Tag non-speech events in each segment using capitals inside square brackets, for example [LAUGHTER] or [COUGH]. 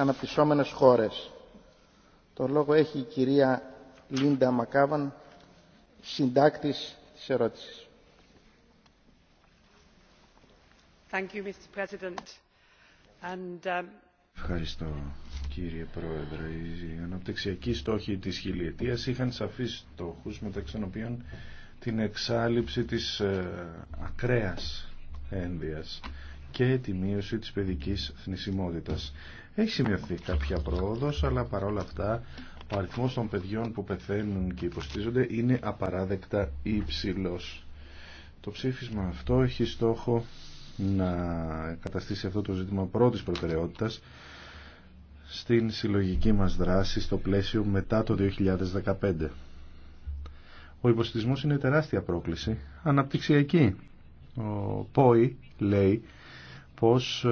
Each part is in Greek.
αναπτυσσόμενες χώρες. Το λόγο έχει η κυρία Λίντα Μακάβαν, συντάκτης της ερώτησης. Thank you, Mr. President. And, um... Ευχαριστώ κύριε Πρόεδρε. Οι αναπτυξιακοί στόχοι της χιλιετίας είχαν σαφείς στόχους μεταξύ των οποίων την εξάλληψη της ε, ακραίας ένδυας και τη μείωση της παιδικής θνησιμότητας. Έχει σημειωθεί κάποια πρόοδος, αλλά παρόλα αυτά ο αριθμός των παιδιών που πεθαίνουν και υποστήριζονται είναι απαράδεκτα υψηλός. Το ψήφισμα αυτό έχει στόχο να καταστήσει αυτό το ζήτημα πρώτης προτεραιότητας στην συλλογική μας δράση στο πλαίσιο μετά το 2015. Ο υποστηρισμός είναι τεράστια πρόκληση, αναπτυξιακή. Ο ΠΟΗ λέει πως ε,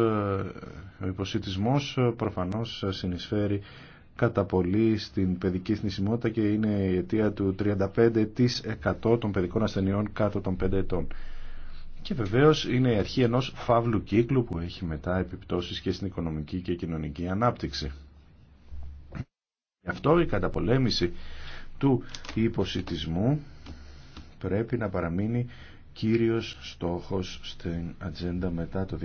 ο υποσυτισμός ε, προφανώς ε, συνεισφέρει κατά πολύ στην παιδική θνησιμότητα και είναι η αιτία του 35% των παιδικών ασθενειών κάτω των 5 ετών. Και βεβαίως είναι η αρχή ενός φαύλου κύκλου που έχει μετά επιπτώσεις και στην οικονομική και κοινωνική ανάπτυξη. Γι' αυτό η καταπολέμηση του υποσυτισμού πρέπει να παραμείνει κύριος στόχος στην ατζέντα μετά το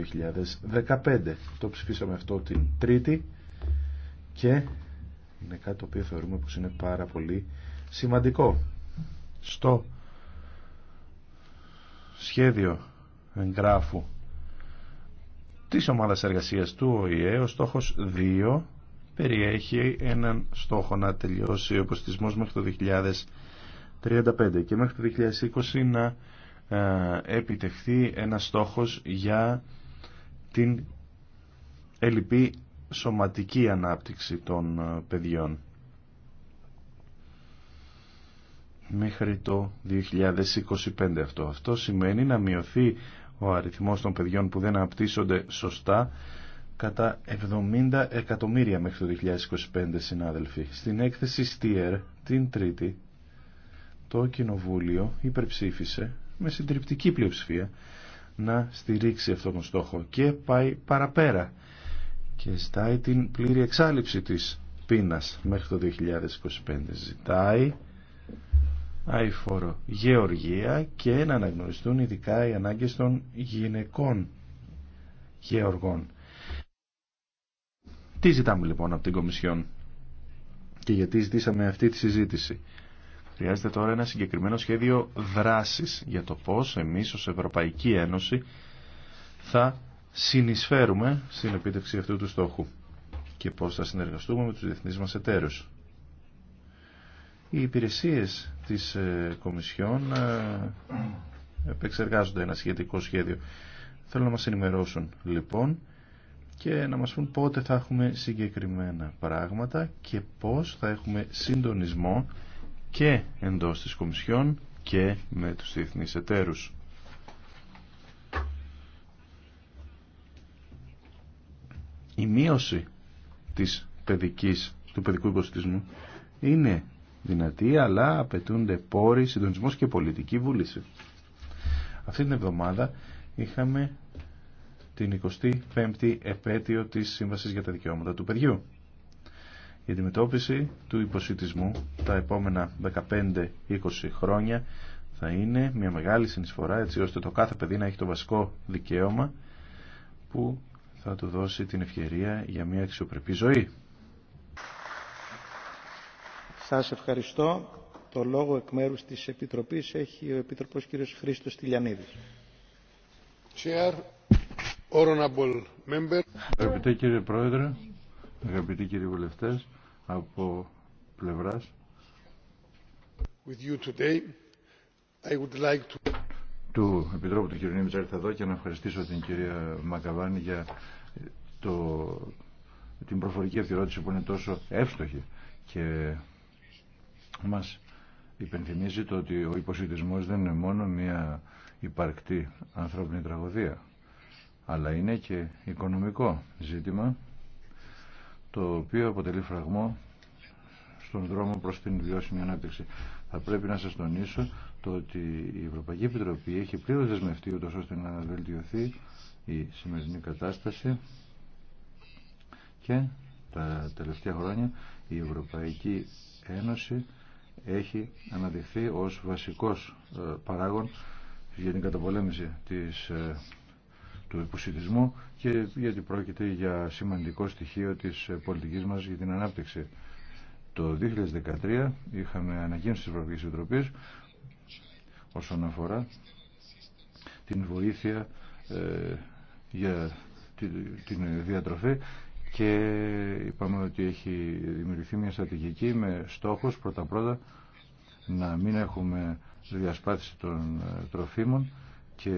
2015. Το ψηφίσαμε αυτό την Τρίτη και είναι κάτι το οποίο θεωρούμε πως είναι πάρα πολύ σημαντικό. Στο σχέδιο εγγράφου της ομάδας εργασίας του ΟΗΕ, ο στόχος 2 περιέχει έναν στόχο να τελειώσει ο υποστησμός μέχρι το 2035 και μέχρι το 2020 να ε, επιτευχθεί ένας στόχος για την ελληπή σωματική ανάπτυξη των ε, παιδιών. Μέχρι το 2025 αυτό. Αυτό σημαίνει να μειωθεί ο αριθμός των παιδιών που δεν αναπτύσσονται σωστά κατά 70 εκατομμύρια μέχρι το 2025 συνάδελφοι. Στην έκθεση ΣΤΙΕΡ, την Τρίτη το Κοινοβούλιο υπερψήφισε με συντριπτική πλειοψηφία να στηρίξει αυτόν τον στόχο και πάει παραπέρα και ζητάει την πλήρη εξάλληψη της πείνας μέχρι το 2025. Ζητάει αηφόρο γεωργία και να αναγνωριστούν ειδικά οι ανάγκες των γυναικών γεωργών. Τι ζητάμε λοιπόν από την Κομισιόν και γιατί ζητήσαμε αυτή τη συζήτηση. Χρειάζεται τώρα ένα συγκεκριμένο σχέδιο δράσης για το πώς εμείς ως Ευρωπαϊκή Ένωση θα συνεισφέρουμε στην επίτευξη αυτού του στόχου και πώς θα συνεργαστούμε με τους διεθνείς μας εταίρους. Οι υπηρεσίες της ε, Κομισιόν ε, επεξεργάζονται ένα σχετικό σχέδιο. Θέλω να μας ενημερώσουν λοιπόν και να μας πούν πότε θα έχουμε συγκεκριμένα πράγματα και πώς θα έχουμε συντονισμό και εντός της Κομισιόν και με τους διεθνείς εταίρους. Η μείωση της παιδικής, του παιδικού υποστηρισμού είναι δυνατή, αλλά απαιτούνται πόροι, συντονισμός και πολιτική βούληση. Αυτή την εβδομάδα είχαμε την 25η επέτειο της Σύμβασης για τα Δικαιώματα του Παιδιού η αντιμετώπιση του υποσυτισμού τα επόμενα 15-20 χρόνια θα είναι μια μεγάλη συνεισφορά έτσι ώστε το κάθε παιδί να έχει το βασικό δικαίωμα που θα του δώσει την ευκαιρία για μια αξιοπρεπή ζωή. Σας ευχαριστώ. Το λόγο εκ μέρους της Επιτροπής έχει ο Επίτροπος κ. Χρήστος Τηλιανίδης. Chair, honorable member. Αγαπητέ κύριε Πρόεδρε, Αγαπητοί κύριοι βουλευτές, από πλευράς του Επιτρόπου του κ. Νίμιτσα θα εδώ και να ευχαριστήσω την κυρία Μακαβάνη για το, την προφορική αυτή που είναι τόσο εύστοχη και μας υπενθυμίζει το ότι ο υποσυντισμός δεν είναι μόνο μια υπαρκτή ανθρώπινη τραγωδία αλλά είναι και οικονομικό ζήτημα το οποίο αποτελεί φραγμό στον δρόμο προς την βιώσιμη ανάπτυξη. Θα πρέπει να σας τονίσω το ότι η Ευρωπαϊκή Επιτροπή έχει πλήρως δεσμευτεί ούτως ώστε να βελτιωθεί η σημερινή κατάσταση και τα τελευταία χρόνια η Ευρωπαϊκή Ένωση έχει αναδειχθεί ως βασικός ε, παράγον για την καταπολέμηση της ε, του υποσυντισμού και γιατί πρόκειται για σημαντικό στοιχείο της πολιτικής μας για την ανάπτυξη. Το 2013 είχαμε ανακοίνωση της Ευρωπαϊκής Επιτροπής όσον αφορά την βοήθεια ε, για την διατροφή και είπαμε ότι έχει δημιουργηθεί μια στρατηγική με στοχος πρωτα πρώτα-πρώτα να μην έχουμε διασπάθηση των ε, τροφίμων και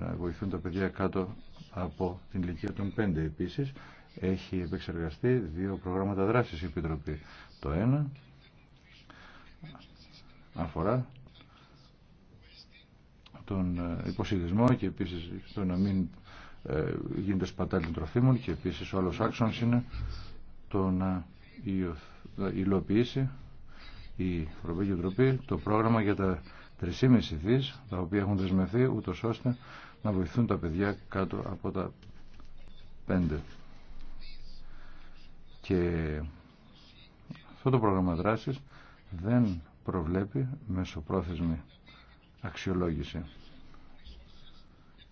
να βοηθούν τα παιδιά κάτω από την ηλικία των 5. Επίσης, έχει επεξεργαστεί δύο προγράμματα δράσης η Επιτροπή. Το ένα αφορά τον ε, υποσυδισμό και επίσης το να μην ε, γίνεται σπατάλη των τροφίμων και επίση ο άλλο άξονα είναι το να υλοποιήσει η Ευρωπαϊκή Επιτροπή το πρόγραμμα για τα 3,5 δις τα οποία έχουν δεσμευθεί ούτω ώστε να βοηθούν τα παιδιά κάτω από τα 5. Και αυτό το πρόγραμμα δράσης δεν προβλέπει μεσοπρόθεσμη αξιολόγηση.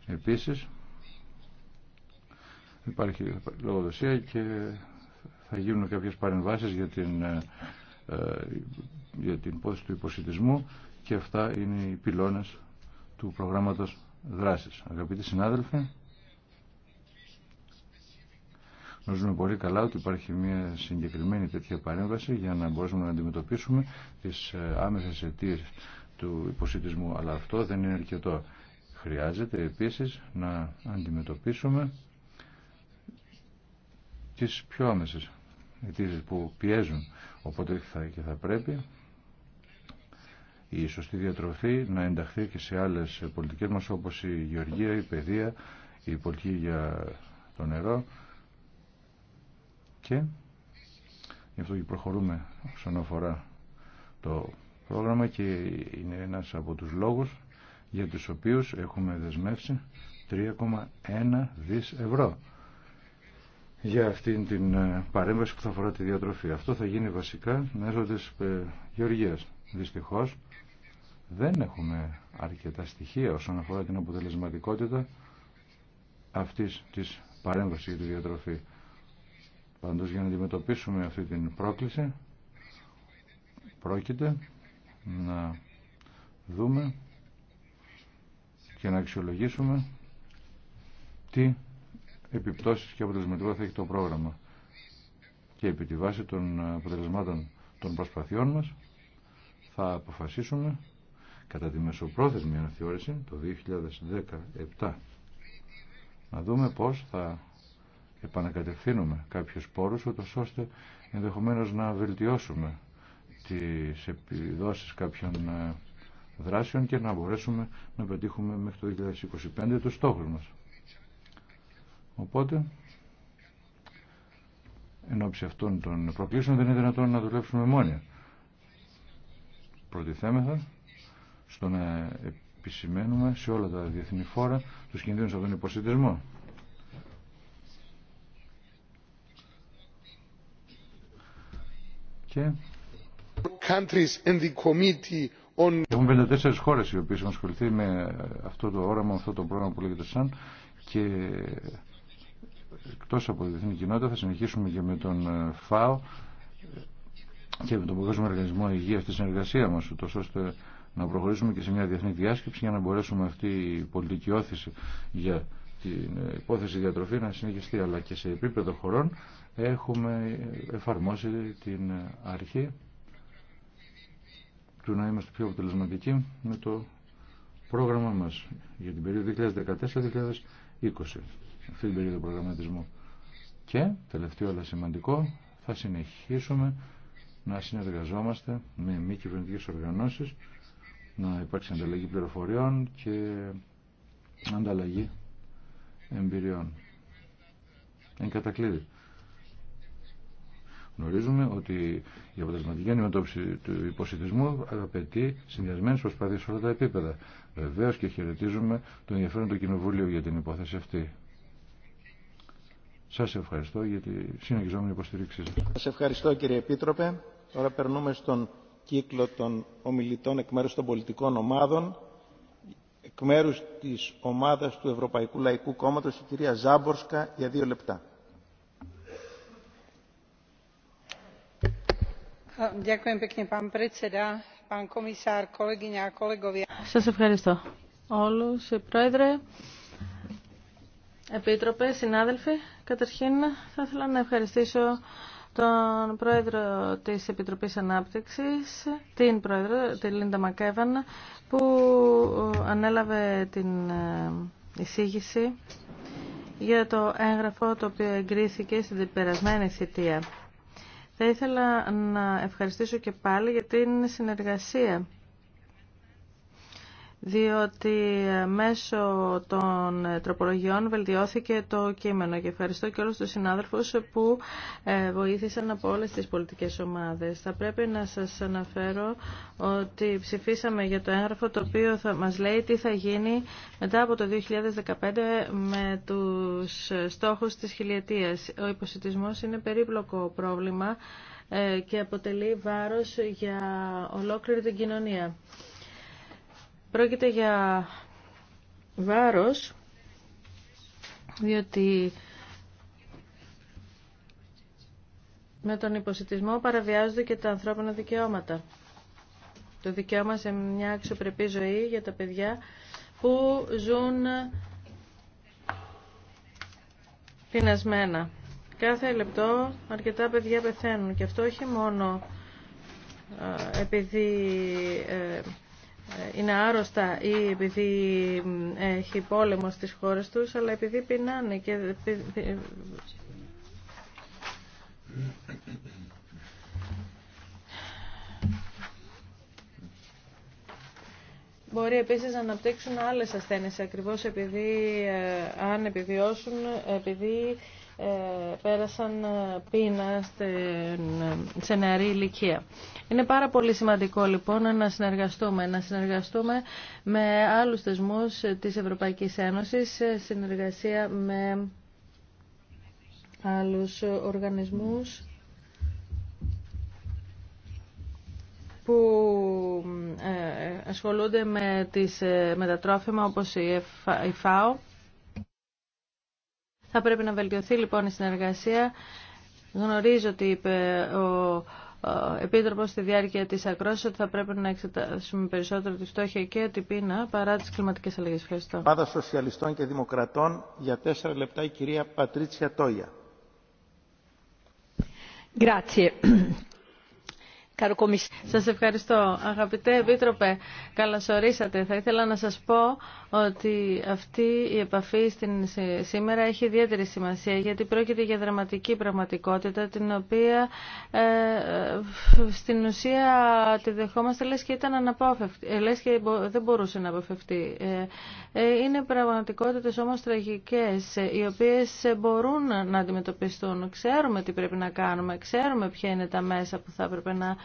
Επίσης υπάρχει λογοδοσία και θα γίνουν κάποιες παρεμβάσεις για την, ε, ε, για την υπόθεση του υποσυτισμού και αυτά είναι οι πυλώνες του προγράμματος δράσης. Αγαπητοί συνάδελφοι, γνωρίζουμε πολύ καλά ότι υπάρχει μια συγκεκριμένη τέτοια παρέμβαση για να μπορέσουμε να αντιμετωπίσουμε τις ε, άμεσες αιτίες του υποσυτισμού, αλλά αυτό δεν είναι αρκετό. Χρειάζεται επίσης να αντιμετωπίσουμε τις πιο άμεσες αιτήσεις που πιέζουν, οπότε και θα πρέπει η σωστή διατροφή να ενταχθεί και σε άλλες πολιτικές μας όπως η γεωργία, η παιδεία, η πολιτική για το νερό και γι' αυτό και προχωρούμε όσον αφορά το πρόγραμμα και είναι ένας από τους λόγους για τους οποίους έχουμε δεσμεύσει 3,1 δις ευρώ για αυτήν την ε, παρέμβαση που θα αφορά τη διατροφή. Αυτό θα γίνει βασικά μέσω της ε, γεωργίας. Δυστυχώς δεν έχουμε αρκετά στοιχεία όσον αφορά την αποτελεσματικότητα αυτής της παρέμβασης για τη διατροφή. Πάντως για να αντιμετωπίσουμε αυτή την πρόκληση πρόκειται να δούμε και να αξιολογήσουμε τι επιπτώσεις και αποτελεσματικό θα έχει το πρόγραμμα και επί τη βάση των αποτελεσμάτων των προσπαθειών μας θα αποφασίσουμε κατά τη μεσοπρόθεσμη αναθεώρηση το 2017. Να δούμε πώς θα επανακατευθύνουμε κάποιους πόρους, ούτως ώστε ενδεχομένως να βελτιώσουμε τις επιδόσεις κάποιων ε, δράσεων και να μπορέσουμε να πετύχουμε μέχρι το 2025 τους στόχους μας. Οπότε, εν ώψη αυτών των προκλήσεων δεν είναι δυνατόν να δουλέψουμε μόνοι. Προτιθέμεθα στο να επισημαίνουμε σε όλα τα διεθνή φόρα τους κινδύνους από τον υποσυντισμό. Και... Έχουμε 54 χώρες οι οποίες έχουν ασχοληθεί με αυτό το όραμα, αυτό το πρόγραμμα που λέγεται ΣΑΝ και εκτός από τη διεθνή κοινότητα θα συνεχίσουμε και με τον ε, ΦΑΟ και με τον Παγκόσμιο Οργανισμό υγεία τη συνεργασία μας, ούτως ώστε να προχωρήσουμε και σε μια διεθνή διάσκεψη για να μπορέσουμε αυτή η πολιτική όθηση για την υπόθεση διατροφή να συνεχιστεί. Αλλά και σε επίπεδο χωρών έχουμε εφαρμόσει την αρχή του να είμαστε πιο αποτελεσματικοί με το πρόγραμμα μας για την περίοδο 2014-2020. Αυτή την περίοδο προγραμματισμού. Και, τελευταίο αλλά σημαντικό, θα συνεχίσουμε να συνεργαζόμαστε με μη κυβερνητικέ οργανώσεις να υπάρξει ανταλλαγή πληροφοριών και ανταλλαγή εμπειριών. Εν κατακλείδη. Γνωρίζουμε ότι η αποτελεσματική αντιμετώπιση του υποσυντισμού απαιτεί συνδυασμένε προσπάθειε σε όλα τα επίπεδα. Βεβαίω και χαιρετίζουμε το ενδιαφέρον του Κοινοβουλίου για την υπόθεση αυτή. Σα ευχαριστώ για τη συνεχιζόμενη υποστήριξή σα. Σα ευχαριστώ κύριε Επίτροπε. Τώρα περνούμε στον κύκλο των ομιλητών εκ μέρους των πολιτικών ομάδων. Εκ μέρους της ομάδας του Ευρωπαϊκού Λαϊκού Κόμματος, η κυρία Ζάμπορσκα, για δύο λεπτά. Σας ευχαριστώ όλους, ε, Πρόεδρε. Επίτροπε, συνάδελφοι, καταρχήν θα ήθελα να ευχαριστήσω τον πρόεδρο της Επιτροπής Ανάπτυξης, την πρόεδρο, τη Λίντα Μακέβαν, που ανέλαβε την ε, εισήγηση για το έγγραφο το οποίο εγκρίθηκε στην περασμένη θητεία. Θα ήθελα να ευχαριστήσω και πάλι για την συνεργασία διότι ε, μέσω των ε, τροπολογιών βελτιώθηκε το κείμενο και ευχαριστώ και όλους τους συνάδελφους που ε, βοήθησαν από όλες τις πολιτικές ομάδες. Θα πρέπει να σας αναφέρω ότι ψηφίσαμε για το έγγραφο το οποίο θα μας λέει τι θα γίνει μετά από το 2015 με τους στόχους της χιλιετίας. Ο υποσυτισμός είναι περίπλοκο πρόβλημα και αποτελεί βάρος για ολόκληρη την κοινωνία. Πρόκειται για βάρος, διότι με τον υποσυτισμό παραβιάζονται και τα ανθρώπινα δικαιώματα. Το δικαίωμα σε μια αξιοπρεπή ζωή για τα παιδιά που ζουν πεινασμένα. Κάθε λεπτό αρκετά παιδιά πεθαίνουν και αυτό όχι μόνο ε, επειδή ε, είναι άρρωστα ή επειδή έχει πόλεμο στις χώρες τους, αλλά επειδή πεινάνε και... Μπορεί επίσης να αναπτύξουν άλλες ασθένειες ακριβώς επειδή ε, αν επιβιώσουν, επειδή ε, πέρασαν ε, πείνα σε νεαρή ηλικία. Είναι πάρα πολύ σημαντικό λοιπόν να συνεργαστούμε, να συνεργαστούμε με άλλους θεσμούς της Ευρωπαϊκής Ένωσης, συνεργασία με άλλους οργανισμούς που ε, ασχολούνται με, τις, ε, με τα τρόφιμα όπως η ΦΑΟ. Θα πρέπει να βελτιωθεί λοιπόν η συνεργασία. Γνωρίζω ότι είπε ο ε, Επίτροπο στη διάρκεια της ακρόσης ότι θα πρέπει να εξετάσουμε περισσότερο τη φτώχεια και την πείνα παρά τις κλιματικές αλλαγές. Ευχαριστώ. Πάντα Σοσιαλιστών και Δημοκρατών για τέσσερα λεπτά η κυρία Πατρίτσια Τόια. Σα ευχαριστώ. Αγαπητέ Επίτροπε, καλωσορίσατε. Θα ήθελα να σα πω ότι αυτή η επαφή στην, σήμερα έχει ιδιαίτερη σημασία γιατί πρόκειται για δραματική πραγματικότητα την οποία ε, ε στην ουσία τη δεχόμαστε λες και, ήταν αναπόφευκτη, ε, λες και δεν μπορούσε να αποφευτεί. Ε, είναι πραγματικότητες όμως τραγικές οι οποίες μπορούν να αντιμετωπιστούν. Ξέρουμε τι πρέπει να κάνουμε, ξέρουμε ποια είναι τα μέσα που θα έπρεπε να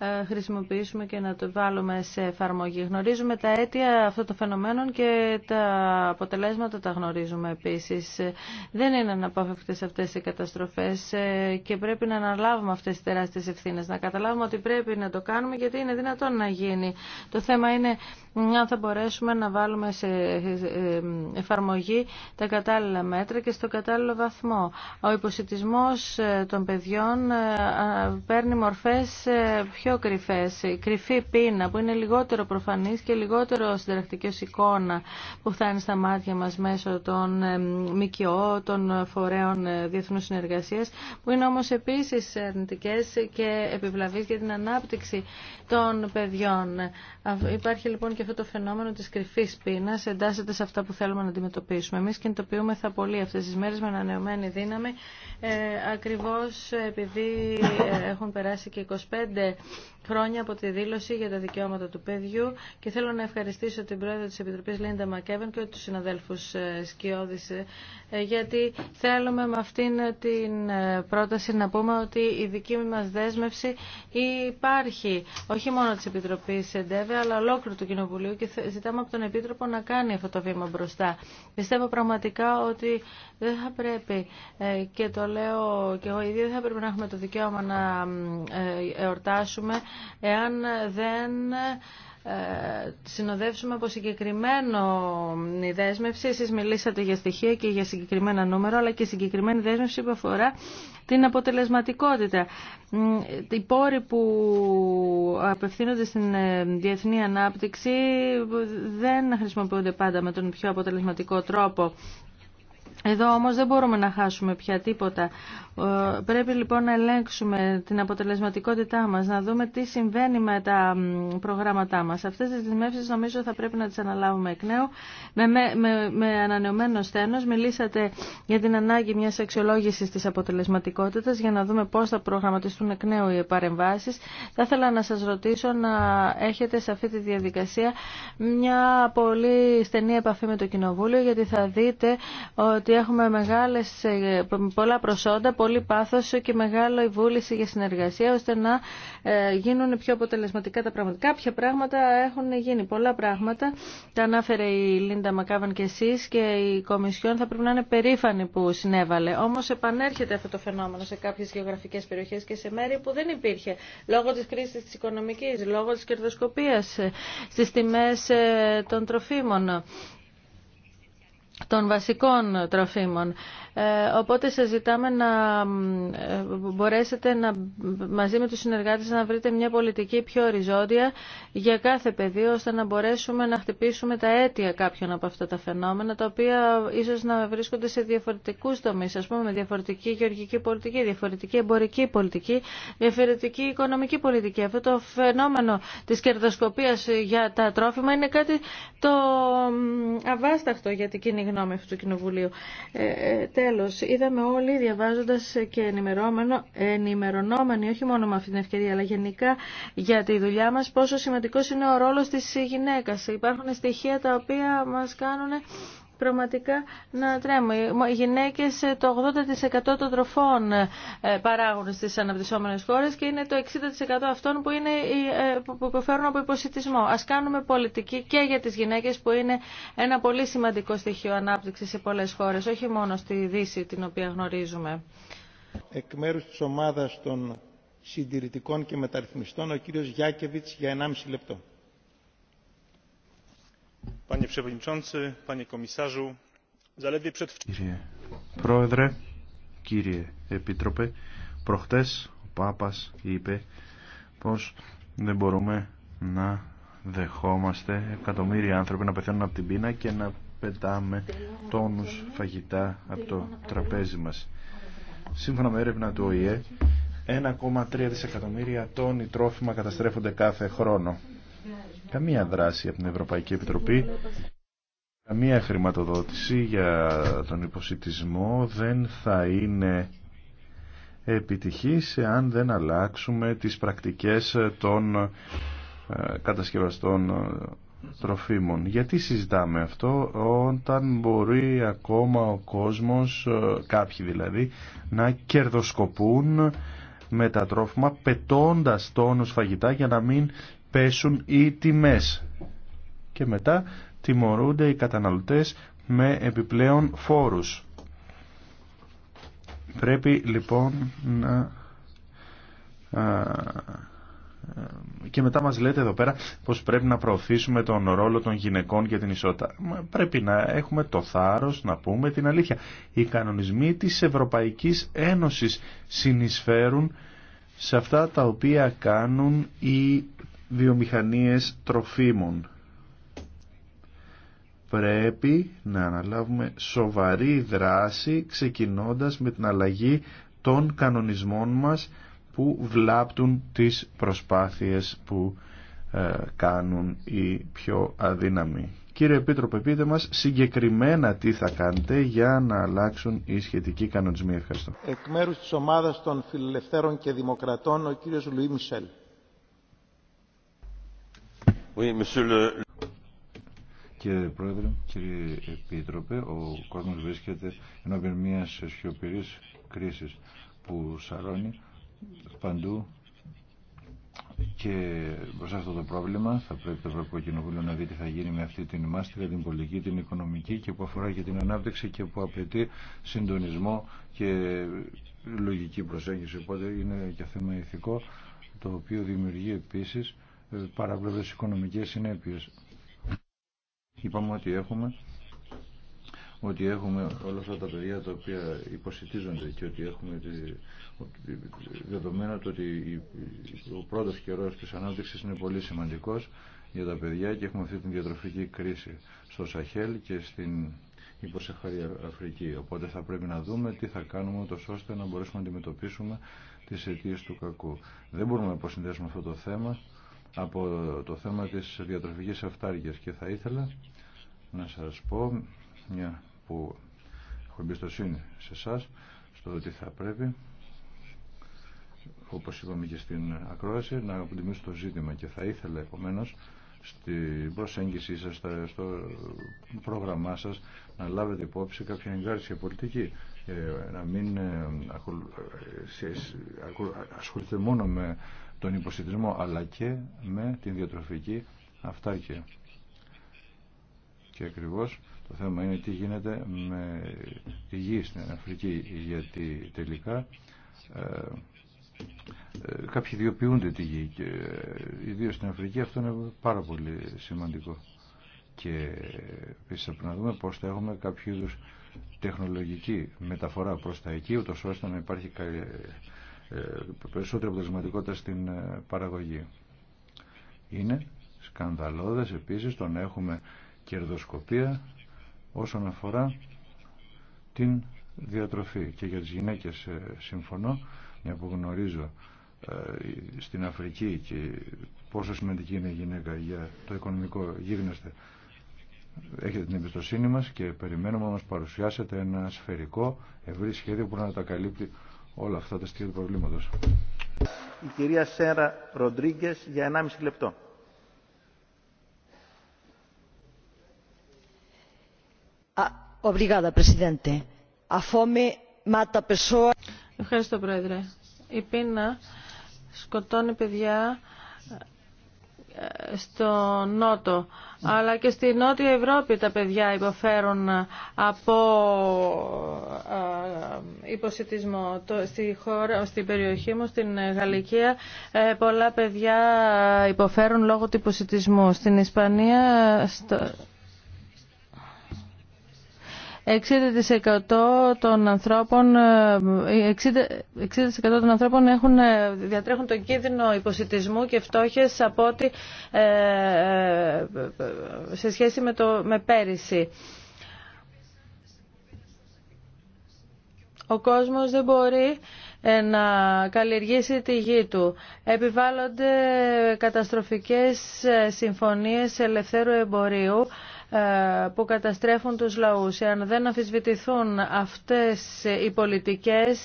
Ε, χρησιμοποιήσουμε και να το βάλουμε σε εφαρμογή. Γνωρίζουμε τα αίτια αυτών των φαινομένων και τα αποτελέσματα τα γνωρίζουμε επίσης. Δεν είναι αναπόφευκτες αυτές οι καταστροφές ε, και πρέπει να αναλάβουμε αυτές τις τεράστιες ευθύνες. Να καταλάβουμε ότι πρέπει να το κάνουμε γιατί είναι δυνατόν να γίνει. Το θέμα είναι αν θα μπορέσουμε να βάλουμε σε ε, εφαρμογή τα κατάλληλα μέτρα και στο κατάλληλο βαθμό. Ο υποσυτισμός των παιδιών παίρνει μορφές πιο κρυφές, η κρυφή πείνα που είναι λιγότερο προφανής και λιγότερο συνταρακτικές εικόνα που φτάνει στα μάτια μας μέσω των ε, ΜΚΟ, των φορέων ε, διεθνούς συνεργασίας, που είναι όμως επίσης αρνητικές και επιβλαβείς για την ανάπτυξη των παιδιών. Υπάρχει λοιπόν και αυτό το φαινόμενο της κρυφής πείνας, εντάσσεται σε αυτά που θέλουμε να αντιμετωπίσουμε. Εμείς κινητοποιούμε θα πολύ αυτές τις μέρες με ανανεωμένη δύναμη, ε, ακριβώς επειδή ε, έχουν περάσει και 25 χρόνια από τη δήλωση για τα δικαιώματα του παιδιού και θέλω να ευχαριστήσω την πρόεδρο της Επιτροπής Λίντα Μακέβεν και τους συναδέλφους ε, Σκιώδης ε, ε, γιατί θέλουμε με αυτήν την πρόταση να πούμε ότι η δική μας δέσμευση υπάρχει όχι μόνο της Επιτροπής ΕΝΤΕΒΕ αλλά ολόκληρου του Κοινοβουλίου και ζητάμε από τον Επίτροπο να κάνει αυτό το βήμα μπροστά. Πιστεύω πραγματικά ότι δεν θα πρέπει και το λέω και εγώ ίδια δεν θα πρέπει να έχουμε το δικαίωμα να εορτάσουμε εάν δεν ε, συνοδεύσουμε από συγκεκριμένο δέσμευση. Εσείς μιλήσατε για στοιχεία και για συγκεκριμένα νούμερα, αλλά και συγκεκριμένη δέσμευση που αφορά την αποτελεσματικότητα. Οι πόροι που απευθύνονται στην ε, διεθνή ανάπτυξη δεν χρησιμοποιούνται πάντα με τον πιο αποτελεσματικό τρόπο εδώ όμως δεν μπορούμε να χάσουμε πια τίποτα. Ε, πρέπει λοιπόν να ελέγξουμε την αποτελεσματικότητά μας, να δούμε τι συμβαίνει με τα προγράμματά μας. Αυτές τις δημεύσεις νομίζω θα πρέπει να τις αναλάβουμε εκ νέου. Με, με, με ανανεωμένο στένος μιλήσατε για την ανάγκη μιας αξιολόγησης της αποτελεσματικότητας για να δούμε πώς θα προγραμματιστούν εκ νέου οι παρεμβάσεις. Θα ήθελα να σας ρωτήσω να έχετε σε αυτή τη διαδικασία μια πολύ στενή επαφή με το Κοινοβούλιο γιατί θα δείτε ότι έχουμε μεγάλες, ε, πολλά προσόντα, πολύ πάθος και μεγάλο η βούληση για συνεργασία ώστε να ε, γίνουν πιο αποτελεσματικά τα πράγματα. Κάποια πράγματα έχουν γίνει, πολλά πράγματα. Τα ανάφερε η Λίντα Μακάβαν και εσείς και η Κομισιόν θα πρέπει να είναι περήφανη που συνέβαλε. Όμως επανέρχεται αυτό το φαινόμενο σε κάποιες γεωγραφικές περιοχές και σε μέρη που δεν υπήρχε λόγω της κρίσης της οικονομικής, λόγω της κερδοσκοπίας, ε, στις τιμές των τροφίμων των βασικών τροφίμων. Ε, οπότε σας ζητάμε να ε, μπορέσετε να, μαζί με τους συνεργάτες να βρείτε μια πολιτική πιο οριζόντια για κάθε πεδίο ώστε να μπορέσουμε να χτυπήσουμε τα αίτια κάποιων από αυτά τα φαινόμενα τα οποία ίσως να βρίσκονται σε διαφορετικούς τομείς ας πούμε με διαφορετική γεωργική πολιτική, διαφορετική εμπορική πολιτική, διαφορετική οικονομική πολιτική. Αυτό το φαινόμενο της κερδοσκοπίας για τα τρόφιμα είναι κάτι το αβάσταχτο για την κοινή γνώμη αυτού του Κοινοβουλίου. Ε, Τέλος, είδαμε όλοι διαβάζοντας και ενημερωνόμενοι, όχι μόνο με αυτή την ευκαιρία, αλλά γενικά για τη δουλειά μας, πόσο σημαντικός είναι ο ρόλος της γυναίκας. Υπάρχουν στοιχεία τα οποία μας κάνουν πραγματικά να τρέμω. Οι γυναίκες ε, το 80% των τροφών ε, παράγουν στι αναπτυσσόμενες χώρε, και είναι το 60% αυτών που, είναι, ε, που υποφέρουν από υποσυτισμό. Α κάνουμε πολιτική και για τι γυναίκε που είναι ένα πολύ σημαντικό στοιχείο ανάπτυξη σε πολλέ χώρε, όχι μόνο στη Δύση την οποία γνωρίζουμε. Εκ μέρου τη ομάδα των συντηρητικών και μεταρρυθμιστών, ο κύριος Γιάκεβιτς για 1,5 λεπτό. Κύριε Πρόεδρε, κύριε Επίτροπε, προχτές ο Πάπας είπε πως δεν μπορούμε να δεχόμαστε εκατομμύρια άνθρωποι να πεθαίνουν από την πείνα και να πετάμε τόνους φαγητά από το τραπέζι μας. Σύμφωνα με έρευνα του ΟΗΕ, 1,3 δισεκατομμύρια τόνοι τρόφιμα καταστρέφονται κάθε χρόνο καμία δράση από την Ευρωπαϊκή Επιτροπή, καμία χρηματοδότηση για τον υποσυτισμό δεν θα είναι επιτυχής εάν δεν αλλάξουμε τις πρακτικές των ε, κατασκευαστών ε, τροφίμων. Γιατί συζητάμε αυτό όταν μπορεί ακόμα ο κόσμος, ε, κάποιοι δηλαδή, να κερδοσκοπούν με τα τρόφιμα πετώντας τόνους φαγητά για να μην πέσουν οι τιμές. Και μετά τιμωρούνται οι καταναλωτές με επιπλέον φόρους. Πρέπει λοιπόν να... Και μετά μας λέτε εδώ πέρα πως πρέπει να προωθήσουμε τον ρόλο των γυναικών και την ισότητα. Πρέπει να έχουμε το θάρρος να πούμε την αλήθεια. Οι κανονισμοί της Ευρωπαϊκής Ένωσης συνεισφέρουν σε αυτά τα οποία κάνουν οι βιομηχανίες τροφίμων. Πρέπει να αναλάβουμε σοβαρή δράση ξεκινώντας με την αλλαγή των κανονισμών μας που βλάπτουν τις προσπάθειες που ε, κάνουν οι πιο αδύναμοι. Κύριε Επίτροπε, πείτε μας συγκεκριμένα τι θα κάνετε για να αλλάξουν οι σχετικοί κανονισμοί. Ευχαριστώ. Εκ μέρους της ομάδας των Φιλελευθέρων και Δημοκρατών, ο κύριος Λουί Μισελ. Κύριε Πρόεδρε, κύριε Επίτροπε, ο κόσμος βρίσκεται ενώπιν μιας σιωπηρής κρίσης που σαρώνει παντού και προς αυτό το πρόβλημα θα πρέπει το Ευρωπαϊκό Κοινοβούλιο να δει τι θα γίνει με αυτή την μάστιγα, την πολιτική, την οικονομική και που αφορά και την ανάπτυξη και που απαιτεί συντονισμό και λογική προσέγγιση. Οπότε είναι και θέμα ηθικό το οποίο δημιουργεί επίσης ε, παραπλευρές οικονομικές συνέπειες. Είπαμε ότι έχουμε ότι έχουμε όλα αυτά τα παιδιά τα οποία υποσυτίζονται και ότι έχουμε τη, δεδομένα το ότι ο πρώτος καιρός της ανάπτυξης είναι πολύ σημαντικός για τα παιδιά και έχουμε αυτή την διατροφική κρίση στο Σαχέλ και στην υποσεχάρια Αφρική. Οπότε θα πρέπει να δούμε τι θα κάνουμε ούτως ώστε να μπορέσουμε να αντιμετωπίσουμε τις αιτίες του κακού. Δεν μπορούμε να αποσυνδέσουμε αυτό το θέμα από το θέμα της διατροφικής αυτάργειας και θα ήθελα να σας πω μια που έχω εμπιστοσύνη σε εσά στο ότι θα πρέπει όπως είπαμε και στην ακρόαση να αποτιμήσω το ζήτημα και θα ήθελα επομένω στην προσέγγιση σας στο πρόγραμμά σας να λάβετε υπόψη κάποια εγκάρσια πολιτική ε, να μην ε, ε, ασχοληθείτε μόνο με τον υποσυντισμό αλλά και με την διατροφική αυτάρκεια. Και ακριβώς το θέμα είναι τι γίνεται με τη γη στην Αφρική γιατί τελικά ε, ε, κάποιοι ιδιοποιούνται τη γη και ε, ιδίως στην Αφρική αυτό είναι πάρα πολύ σημαντικό και επίση πρέπει να δούμε πώς θα έχουμε κάποιο είδους τεχνολογική μεταφορά προς τα εκεί ούτως ώστε να υπάρχει ε, περισσότερη αποτελεσματικότητα στην ε, παραγωγή. Είναι σκανδαλώδες επίσης να έχουμε κερδοσκοπία όσον αφορά την διατροφή και για τις γυναίκες ε, συμφωνώ μια που γνωρίζω στην Αφρική και πόσο σημαντική είναι η γυναίκα για το οικονομικό γίγνεσθε έχετε την εμπιστοσύνη μας και περιμένουμε να μας παρουσιάσετε ένα σφαιρικό ευρύ σχέδιο που να τα καλύπτει όλα αυτά τα στοιχεία του προβλήματος. Η κυρία Σέρα Ροντρίγκες για 1,5 λεπτό. Ευχαριστώ, Πρόεδρε. Η πείνα σκοτώνει παιδιά, στο Νότο αλλά και στη Νότια Ευρώπη τα παιδιά υποφέρουν από ε, υποσυτισμό. στη χώρα, στην περιοχή μου, στην Γαλλικία, ε, πολλά παιδιά υποφέρουν λόγω του υποσυτισμού. Στην Ισπανία, 60% των ανθρώπων, 60, ε, των ανθρώπων έχουν, ε, διατρέχουν τον κίνδυνο υποσυτισμού και φτώχες από ε, σε σχέση με, το, με πέρυσι. Ο κόσμος δεν μπορεί να καλλιεργήσει τη γη του. Επιβάλλονται καταστροφικές συμφωνίες ελευθέρου εμπορίου ε, που καταστρέφουν τους λαούς. Αν δεν αμφισβητηθούν αυτές οι πολιτικές,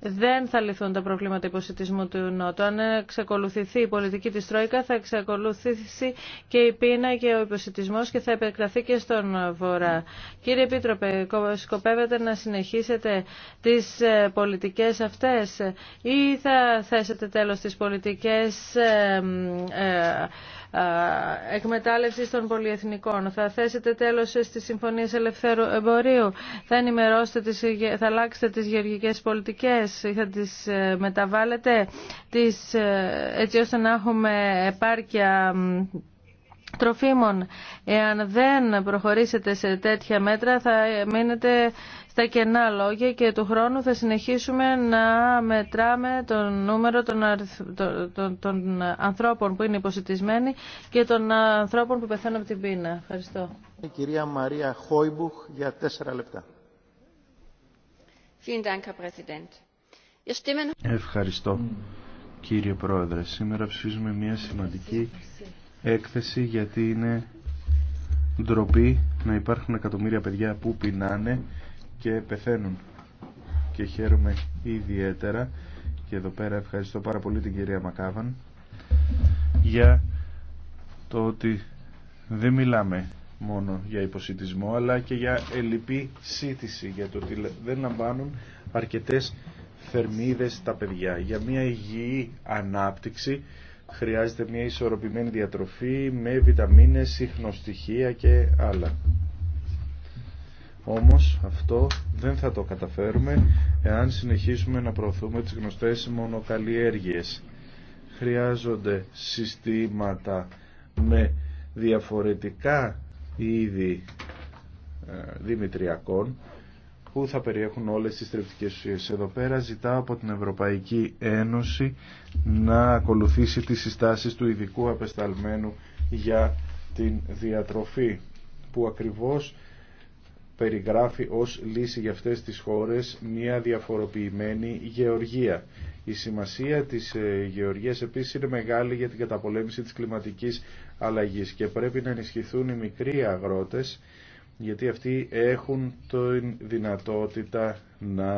δεν θα λυθούν τα προβλήματα υποσυτισμού του Νότου. Αν εξακολουθηθεί η πολιτική της Τρόικα, θα εξακολουθήσει και η πείνα και ο υποσυτισμός και θα επεκταθεί και στον Βορρά. Κύριε Επίτροπε, σκοπεύετε να συνεχίσετε τις ε, πολιτικές αυτές ή θα θέσετε τέλος στις πολιτικές ε, ε, εκμετάλλευση των πολιεθνικών. Θα θέσετε τέλο στι συμφωνίε ελευθέρου εμπορίου. Θα ενημερώσετε, τις, θα αλλάξετε τις γεωργικές πολιτικές, θα τις ε, μεταβάλλετε τις, ε, έτσι ώστε να έχουμε επάρκεια τροφίμων. Εάν δεν προχωρήσετε σε τέτοια μέτρα θα μείνετε στα κενά λόγια και του χρόνου θα συνεχίσουμε να μετράμε το νούμερο των, ανθρώπων που είναι υποσυτισμένοι και των ανθρώπων που πεθαίνουν από την πείνα. Ευχαριστώ. Η κυρία Μαρία Χόιμπουχ για τέσσερα λεπτά. Ευχαριστώ κύριε Πρόεδρε. Σήμερα ψηφίζουμε μια σημαντική έκθεση γιατί είναι ντροπή να υπάρχουν εκατομμύρια παιδιά που πεινάνε και πεθαίνουν. Και χαίρομαι ιδιαίτερα και εδώ πέρα ευχαριστώ πάρα πολύ την κυρία Μακάβαν για το ότι δεν μιλάμε μόνο για υποσυτισμό αλλά και για ελλειπή σύτηση για το ότι δεν λαμβάνουν αρκετές θερμίδες τα παιδιά για μια υγιή ανάπτυξη Χρειάζεται μια ισορροπημένη διατροφή με βιταμίνες, συχνοστοιχεία και άλλα. Όμως αυτό δεν θα το καταφέρουμε εάν συνεχίσουμε να προωθούμε τις γνωστές μονοκαλλιέργειες. Χρειάζονται συστήματα με διαφορετικά είδη ε, δημητριακών που θα περιέχουν όλες τις θρεπτικές ουσίες. Εδώ πέρα ζητά από την Ευρωπαϊκή Ένωση να ακολουθήσει τις συστάσεις του ειδικού απεσταλμένου για την διατροφή που ακριβώς περιγράφει ως λύση για αυτές τις χώρες μια διαφοροποιημένη γεωργία. Η σημασία της ε, γεωργίας επίσης είναι μεγάλη για την καταπολέμηση της κλιματικής αλλαγής και πρέπει να ενισχυθούν οι μικροί αγρότες γιατί αυτοί έχουν την δυνατότητα να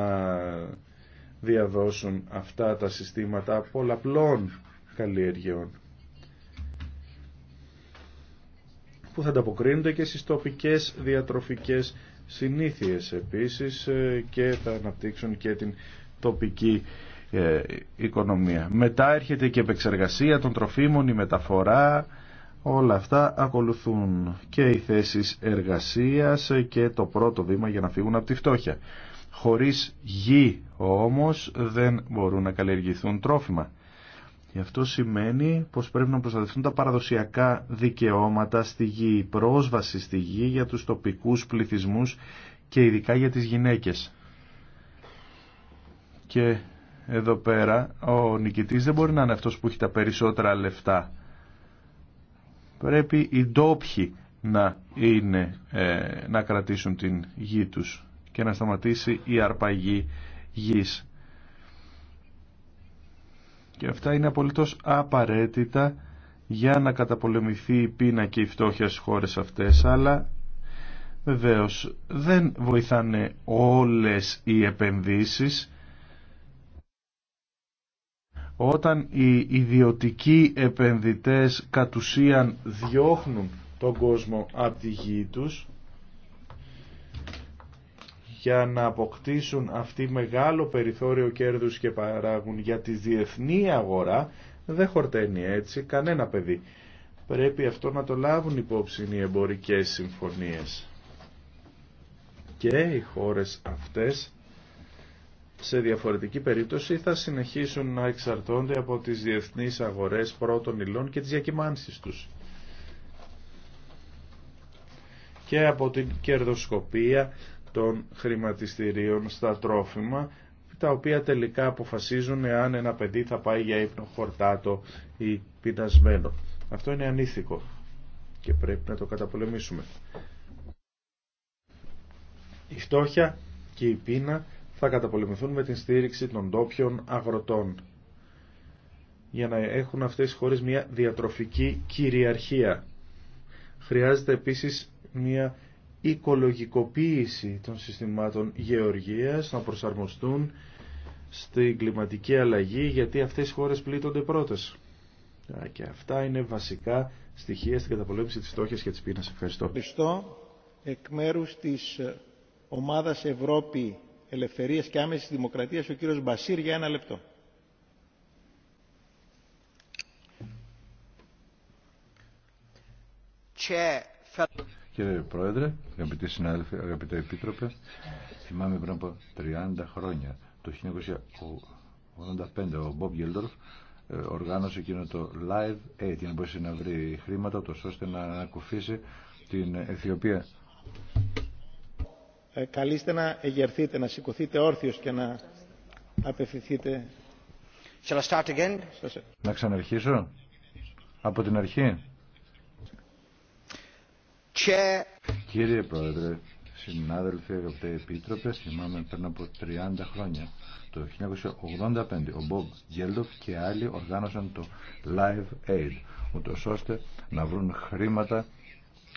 διαδώσουν αυτά τα συστήματα πολλαπλών καλλιεργειών που θα ανταποκρίνονται και στις τοπικές διατροφικές συνήθειες επίσης ε, και θα αναπτύξουν και την τοπική ε, οικονομία. Μετά έρχεται και η επεξεργασία των τροφίμων, η μεταφορά Όλα αυτά ακολουθούν και οι θέσεις εργασίας και το πρώτο βήμα για να φύγουν από τη φτώχεια. Χωρίς γη όμως δεν μπορούν να καλλιεργηθούν τρόφιμα. Γι' αυτό σημαίνει πως πρέπει να προστατευτούν τα παραδοσιακά δικαιώματα στη γη, η πρόσβαση στη γη για τους τοπικούς πληθυσμούς και ειδικά για τις γυναίκες. Και εδώ πέρα ο νικητής δεν μπορεί να είναι αυτός που έχει τα περισσότερα λεφτά πρέπει οι ντόπιοι να, είναι, ε, να κρατήσουν την γη τους και να σταματήσει η αρπαγή γης. Και αυτά είναι απολύτως απαραίτητα για να καταπολεμηθεί η πείνα και η φτώχεια στις χώρες αυτές, αλλά βεβαίως δεν βοηθάνε όλες οι επενδύσεις όταν οι ιδιωτικοί επενδυτές κατ' ουσίαν διώχνουν τον κόσμο από τη γη τους για να αποκτήσουν αυτή μεγάλο περιθώριο κέρδους και παράγουν για τη διεθνή αγορά δεν χορταίνει έτσι κανένα παιδί. Πρέπει αυτό να το λάβουν υπόψη οι εμπορικές συμφωνίες. Και οι χώρες αυτές σε διαφορετική περίπτωση θα συνεχίσουν να εξαρτώνται από τις διεθνείς αγορές πρώτων υλών και τις διακυμάνσεις τους και από την κερδοσκοπία των χρηματιστηρίων στα τρόφιμα τα οποία τελικά αποφασίζουν εάν ένα παιδί θα πάει για ύπνο χορτάτο ή πεινασμένο. Αυτό είναι ανήθικο και πρέπει να το καταπολεμήσουμε. Η φτώχεια και η πείνα θα καταπολεμηθούν με την στήριξη των ντόπιων αγροτών για να έχουν αυτές οι χώρες μια διατροφική κυριαρχία. Χρειάζεται επίσης μια οικολογικοποίηση των συστημάτων γεωργίας να προσαρμοστούν στην κλιματική αλλαγή γιατί αυτές οι χώρες πλήττονται πρώτες. Και αυτά είναι βασικά στοιχεία στην καταπολέμηση της φτώχειας και της πείνας. Ευχαριστώ. Εκ μέρους της ομάδας Ευρώπη Ελευθερίας και άμεση δημοκρατία ο κύριος Μπασίρ, για ένα λεπτό. Κύριε Πρόεδρε, αγαπητοί συνάδελφοι, αγαπητέ Επίτροπε, θυμάμαι πριν από 30 χρόνια, το 1985, ο Μπομπ Γελντορφ ε, οργάνωσε εκείνο το Live Aid για να μπορέσει να βρει χρήματα, ώστε να ανακουφίσει την Αιθιοπία ε, καλείστε να εγερθείτε, να σηκωθείτε όρθιος και να απευθυνθείτε. Να ξαναρχίσω από την αρχή. Κύριε Πρόεδρε, συνάδελφοι, αγαπητοί επίτροπε, θυμάμαι πριν από 30 χρόνια, το 1985, ο Μπομπ Γκέλτοφ και άλλοι οργάνωσαν το Live Aid, ούτως ώστε να βρουν χρήματα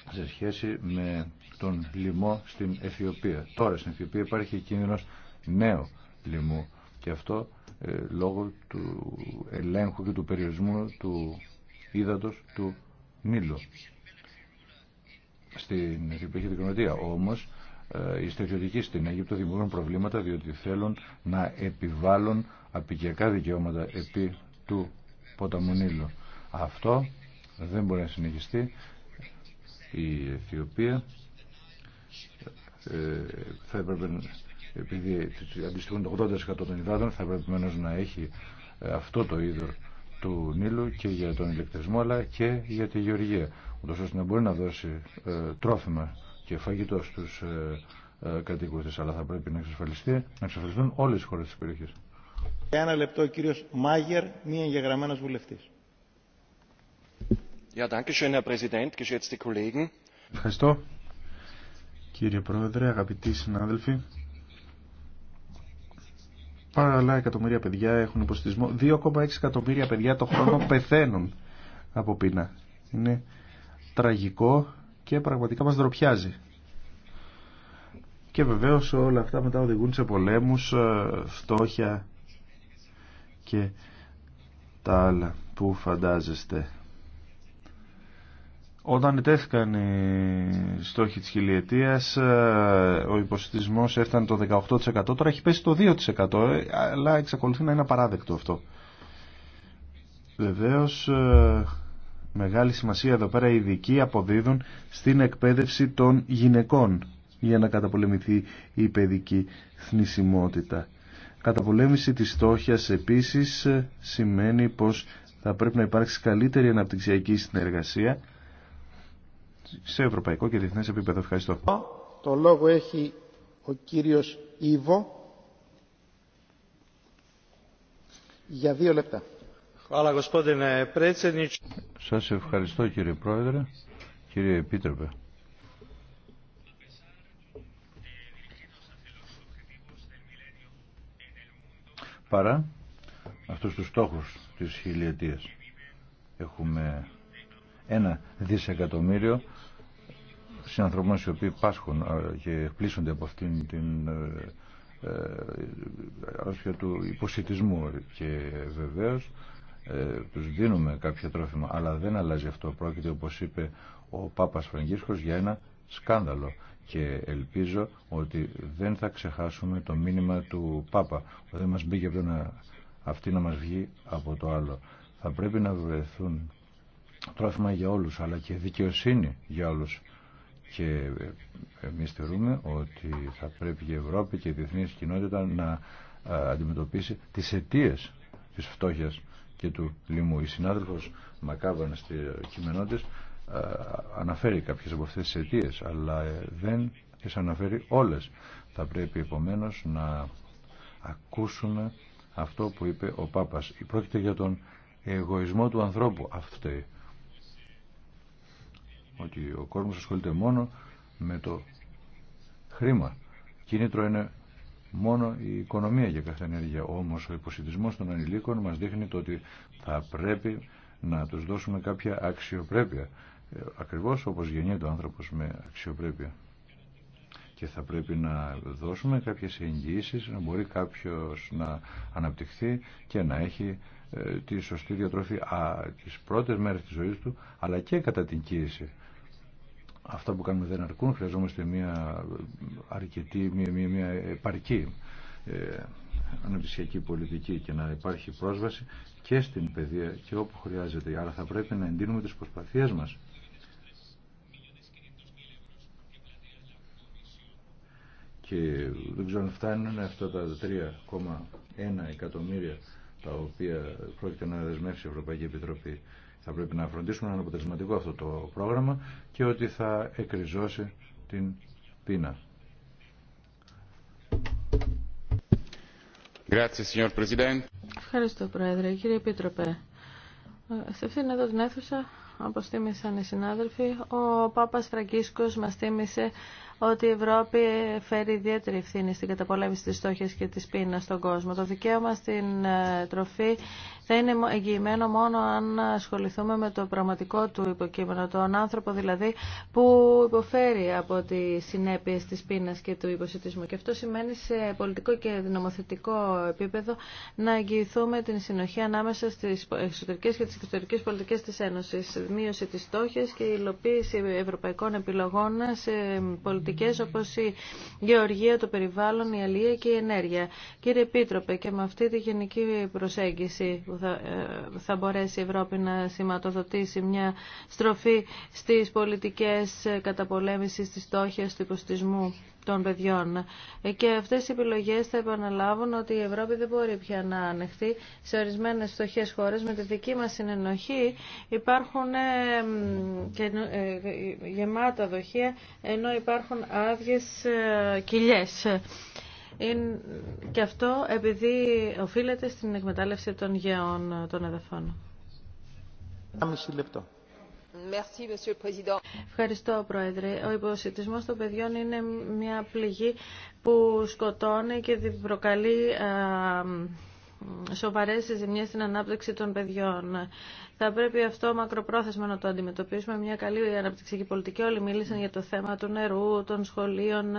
σε σχέση με τον λοιμό στην Αιθιοπία. Τώρα στην Αιθιοπία υπάρχει κίνδυνος νέου λοιμού και αυτό ε, λόγω του ελέγχου και του περιορισμού του ύδατος του Νείλου στην Αιθιοπία Κροματία. Όμως ε, οι στρατιωτικοί στην Αίγυπτο δημιουργούν προβλήματα διότι θέλουν να επιβάλλουν απικιακά δικαιώματα επί του ποταμού Νείλου. Αυτό δεν μπορεί να συνεχιστεί η Αιθιοπία ε, θα έπρεπε επειδή αντιστοιχούν το 80% των υδάτων θα έπρεπε να έχει ε, αυτό το είδο του Νείλου και για τον ηλεκτρισμό αλλά και για τη γεωργία ούτως ώστε να μπορεί να δώσει ε, τρόφιμα και φαγητό στους κατοίκους της αλλά θα πρέπει να εξασφαλιστεί να εξασφαλιστούν όλες οι χώρες της περιοχής. ένα λεπτό κύριος Μάγερ, εγγεγραμμένος βουλευτής. Ευχαριστώ. Κύριε Πρόεδρε, αγαπητοί συνάδελφοι, παραλά εκατομμύρια παιδιά έχουν υποστηρισμό. 2,6 εκατομμύρια παιδιά το χρόνο [LAUGHS] πεθαίνουν από πείνα. Είναι τραγικό και πραγματικά μας δροπιάζει. Και βεβαίως όλα αυτά μετά οδηγούν σε πολέμους, ε, φτώχεια και τα άλλα που φαντάζεστε. Όταν τέθηκαν οι στόχοι της χιλιετίας, ε, ο υποστησμός έφτανε το 18%, τώρα έχει πέσει το 2%, ε, αλλά εξακολουθεί να είναι απαράδεκτο αυτό. Βεβαίως, ε, μεγάλη σημασία εδώ πέρα οι ειδικοί αποδίδουν στην εκπαίδευση των γυναικών για να καταπολεμηθεί η παιδική θνησιμότητα. Καταπολέμηση της στόχιας επίσης σημαίνει πως θα πρέπει να υπάρξει καλύτερη αναπτυξιακή συνεργασία σε ευρωπαϊκό και διεθνές επίπεδο. Ευχαριστώ. Το λόγο έχει ο κύριος Ήβο για δύο λεπτά. Σας ευχαριστώ κύριε Πρόεδρε, κύριε Επίτροπε. Παρά αυτούς τους στόχους της χιλιετίας έχουμε ένα δισεκατομμύριο συνανθρωποί οι οποίοι πάσχουν ε, και πλήσονται από αυτήν την ε, ε, άρρωσια του υποσυτισμού και βεβαίως ε, τους δίνουμε κάποια τρόφιμα αλλά δεν αλλάζει αυτό πρόκειται όπως είπε ο Πάπας Φραγκίσκος για ένα σκάνδαλο και ελπίζω ότι δεν θα ξεχάσουμε το μήνυμα του Πάπα δεν μας μπήκε από να αυτή να μας βγει από το άλλο θα πρέπει να βρεθούν τρόφιμα για όλους αλλά και δικαιοσύνη για όλους και ε, εμείς θεωρούμε ότι θα πρέπει η Ευρώπη και η διεθνή κοινότητα να ε, αντιμετωπίσει τις αιτίε της φτώχειας και του λοιμού. Η συνάδελφος Μακάβαν στη κείμενό ε, αναφέρει κάποιες από αυτές τις αιτίε, αλλά δεν τις αναφέρει όλες. Θα πρέπει επομένως να ακούσουμε αυτό που είπε ο Πάπας. Πρόκειται για τον εγωισμό του ανθρώπου αυτή ότι ο κόσμος ασχολείται μόνο με το χρήμα. Κίνητρο είναι μόνο η οικονομία για κάθε ενέργεια. Όμως ο υποσυντισμός των ανηλίκων μας δείχνει το ότι θα πρέπει να τους δώσουμε κάποια αξιοπρέπεια. Ε, ακριβώς όπως γεννιέται ο άνθρωπος με αξιοπρέπεια. Και θα πρέπει να δώσουμε κάποιες εγγυήσεις, να μπορεί κάποιος να αναπτυχθεί και να έχει ε, τη σωστή διατροφή α, τις πρώτες μέρες της ζωής του, αλλά και κατά την κοίηση αυτά που κάνουμε δεν αρκούν, χρειαζόμαστε μια αρκετή, μια, μια, μια επαρκή ε, αναπτυσιακή πολιτική και να υπάρχει πρόσβαση και στην παιδεία και όπου χρειάζεται. Άρα θα πρέπει να εντείνουμε τις προσπαθίες μας. Και δεν ξέρω αν φτάνουν αυτά τα 3,1 εκατομμύρια τα οποία πρόκειται να δεσμεύσει η Ευρωπαϊκή Επιτροπή. Θα πρέπει να φροντίσουμε να είναι αποτελεσματικό αυτό το πρόγραμμα και ότι θα εκριζώσει την πείνα. Ευχαριστώ, Πρόεδρε. Κύριε Επίτροπε, σε αυτήν εδώ την αίθουσα όπως θύμισαν οι συνάδελφοι, ο Πάπας Φραγκίσκος μας θύμισε ότι η Ευρώπη φέρει ιδιαίτερη ευθύνη στην καταπολέμηση της στόχης και της πείνας στον κόσμο. Το δικαίωμα στην ε, τροφή θα είναι εγγυημένο μόνο αν ασχοληθούμε με το πραγματικό του υποκείμενο, τον άνθρωπο δηλαδή που υποφέρει από τι συνέπειε τη πείνα και του υποσυτισμού. Και αυτό σημαίνει σε πολιτικό και νομοθετικό επίπεδο να εγγυηθούμε την συνοχή ανάμεσα στι εξωτερικέ και τι εξωτερικέ πολιτικέ τη Ένωση. μείωση τη στόχη και υλοποίηση ευρωπαϊκών επιλογών σε πολιτική όπω όπως η γεωργία, το περιβάλλον, η αλληλεία και η ενέργεια. Κύριε Επίτροπε, και με αυτή τη γενική προσέγγιση που θα, ε, θα μπορέσει η Ευρώπη να σηματοδοτήσει μια στροφή στι πολιτικές καταπολέμησης της στόχια, του υποστισμού των παιδιών. Και αυτές οι επιλογές θα επαναλάβουν ότι η Ευρώπη δεν μπορεί πια να ανεχθεί σε ορισμένες φτωχέ χώρε Με τη δική μας συνενοχή υπάρχουν ε, ε, ε, γεμάτα δοχεία ενώ υπάρχουν άδειε κοιλιέ. Και αυτό επειδή οφείλεται στην εκμετάλλευση των γεών των εδαφών. λεπτό. Ευχαριστώ, Πρόεδρε. Ο υποσυτισμό των παιδιών είναι μια πληγή που σκοτώνει και προκαλεί προκαλεί σοβαρές ζημιές στην ανάπτυξη των παιδιών. Θα πρέπει αυτό μακροπρόθεσμα να το αντιμετωπίσουμε. Μια καλή αναπτυξιακή πολιτική. Όλοι μίλησαν για το θέμα του νερού, των σχολείων,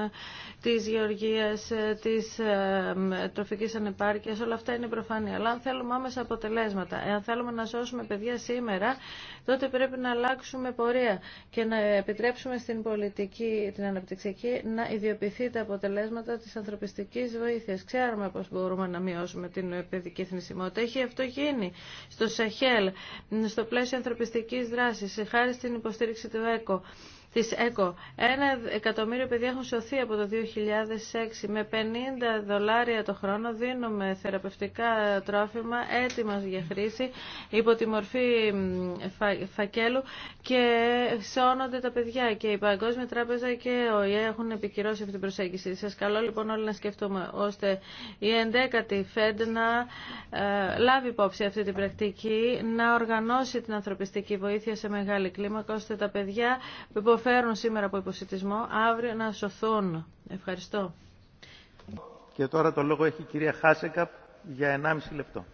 τη γεωργία, τη ε, τροφική ανεπάρκεια, Όλα αυτά είναι προφανή. Αλλά αν θέλουμε άμεσα αποτελέσματα, αν θέλουμε να σώσουμε παιδιά σήμερα, τότε πρέπει να αλλάξουμε πορεία και να επιτρέψουμε στην πολιτική, την αναπτυξιακή, να ιδιοποιηθεί τα αποτελέσματα τη ανθρωπιστική βοήθεια. Ξέρουμε πώ μπορούμε να μειώσουμε την παιδική θνησιμότητα. Έχει αυτό γίνει στο Σαχέλ στο πλαίσιο ανθρωπιστικής δράσης, χάρη στην υποστήριξη του ΕΚΟ της ΕΚΟ. Ένα εκατομμύριο παιδιά έχουν σωθεί από το 2006. Με 50 δολάρια το χρόνο δίνουμε θεραπευτικά τρόφιμα έτοιμα για χρήση υπό τη μορφή φακέλου και σώνονται τα παιδιά και η Παγκόσμια Τράπεζα και ο ΙΕ έχουν επικυρώσει αυτή την προσέγγιση. Σας καλώ λοιπόν όλοι να σκεφτούμε ώστε η 11η ΦΕΔ να ε, λάβει υπόψη αυτή την πρακτική, να οργανώσει την ανθρωπιστική βοήθεια σε μεγάλη κλίμακα ώστε τα παιδιά υποφέρουν σήμερα από υποσυτισμό αύριο να σωθούν. Ευχαριστώ. Και τώρα το λόγο έχει η κυρία Χάσεκα για 1,5 λεπτό.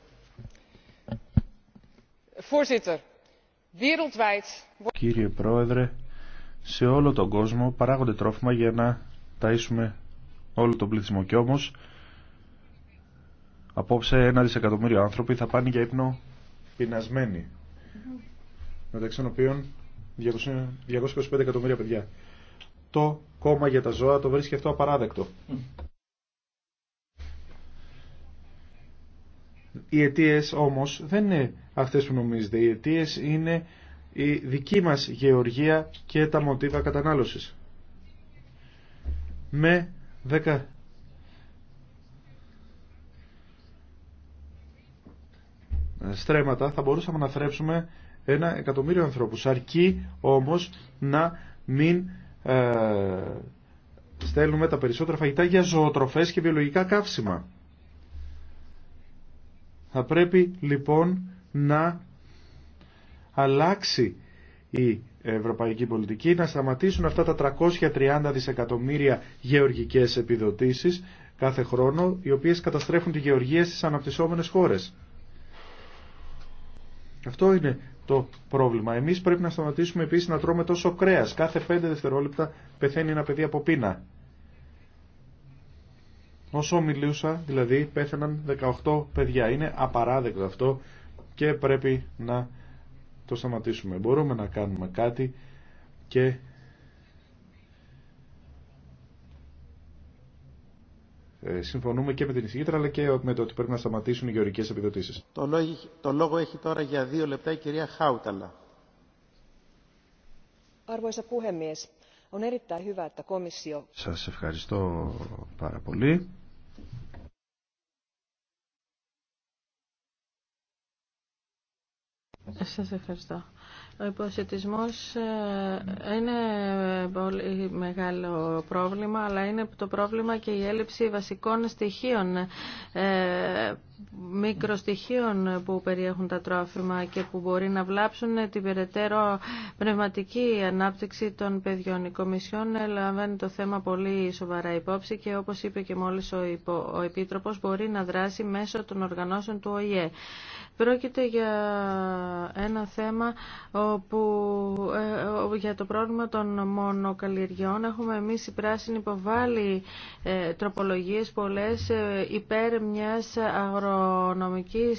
Κύριε Πρόεδρε, σε όλο τον κόσμο παράγονται τρόφιμα για να ταΐσουμε όλο τον πληθυσμό. Και όμως, απόψε ένα δισεκατομμύριο άνθρωποι θα πάνε για ύπνο πεινασμένοι. Μεταξύ των οποίων 225 εκατομμύρια παιδιά. Το κόμμα για τα ζώα το βρίσκει αυτό απαράδεκτο. Οι αιτίε όμως δεν είναι αυτές που νομίζετε. Οι αιτίε είναι η δική μας γεωργία και τα μοτίβα κατανάλωσης. Με 10 στρέμματα θα μπορούσαμε να θρέψουμε ένα εκατομμύριο ανθρώπους. Αρκεί όμως να μην ε, στέλνουμε τα περισσότερα φαγητά για ζωοτροφές και βιολογικά καύσιμα. Θα πρέπει λοιπόν να αλλάξει η ευρωπαϊκή πολιτική, να σταματήσουν αυτά τα 330 δισεκατομμύρια γεωργικές επιδοτήσεις κάθε χρόνο, οι οποίες καταστρέφουν τη γεωργία στις αναπτυσσόμενες χώρες. Αυτό είναι το πρόβλημα. Εμείς πρέπει να σταματήσουμε επίση να τρώμε τόσο κρέας. Κάθε 5 δευτερόλεπτα πεθαίνει ένα παιδί από πείνα. Όσο μιλούσα, δηλαδή, πέθαναν 18 παιδιά. Είναι απαράδεκτο αυτό και πρέπει να το σταματήσουμε. Μπορούμε να κάνουμε κάτι και Ε, συμφωνούμε και με την εισηγήτρα αλλά και με το ότι πρέπει να σταματήσουν οι γεωρικές επιδοτήσεις. Το λόγο, το λόγο έχει τώρα για δύο λεπτά η κυρία Χάουταλα. Arvoisa puhemies, on erittäin hyvä, että komissio... Σας ευχαριστώ πάρα πολύ. Σας ευχαριστώ. Ο υποσχετισμός ε, είναι πολύ μεγάλο πρόβλημα, αλλά είναι το πρόβλημα και η έλλειψη βασικών στοιχείων ε, μικροστοιχείων που περιέχουν τα τρόφιμα και που μπορεί να βλάψουν την περαιτέρω πνευματική ανάπτυξη των παιδιών. Η Κομισιόν λαμβάνει το θέμα πολύ σοβαρά υπόψη και όπως είπε και μόλις ο, υπο, Επίτροπος μπορεί να δράσει μέσω των οργανώσεων του ΟΗΕ. Πρόκειται για ένα θέμα όπου ε, για το πρόβλημα των μονοκαλλιεργιών έχουμε εμείς οι πράσινοι υποβάλει ε, τροπολογίες πολλές ε, υπέρ μιας αγρο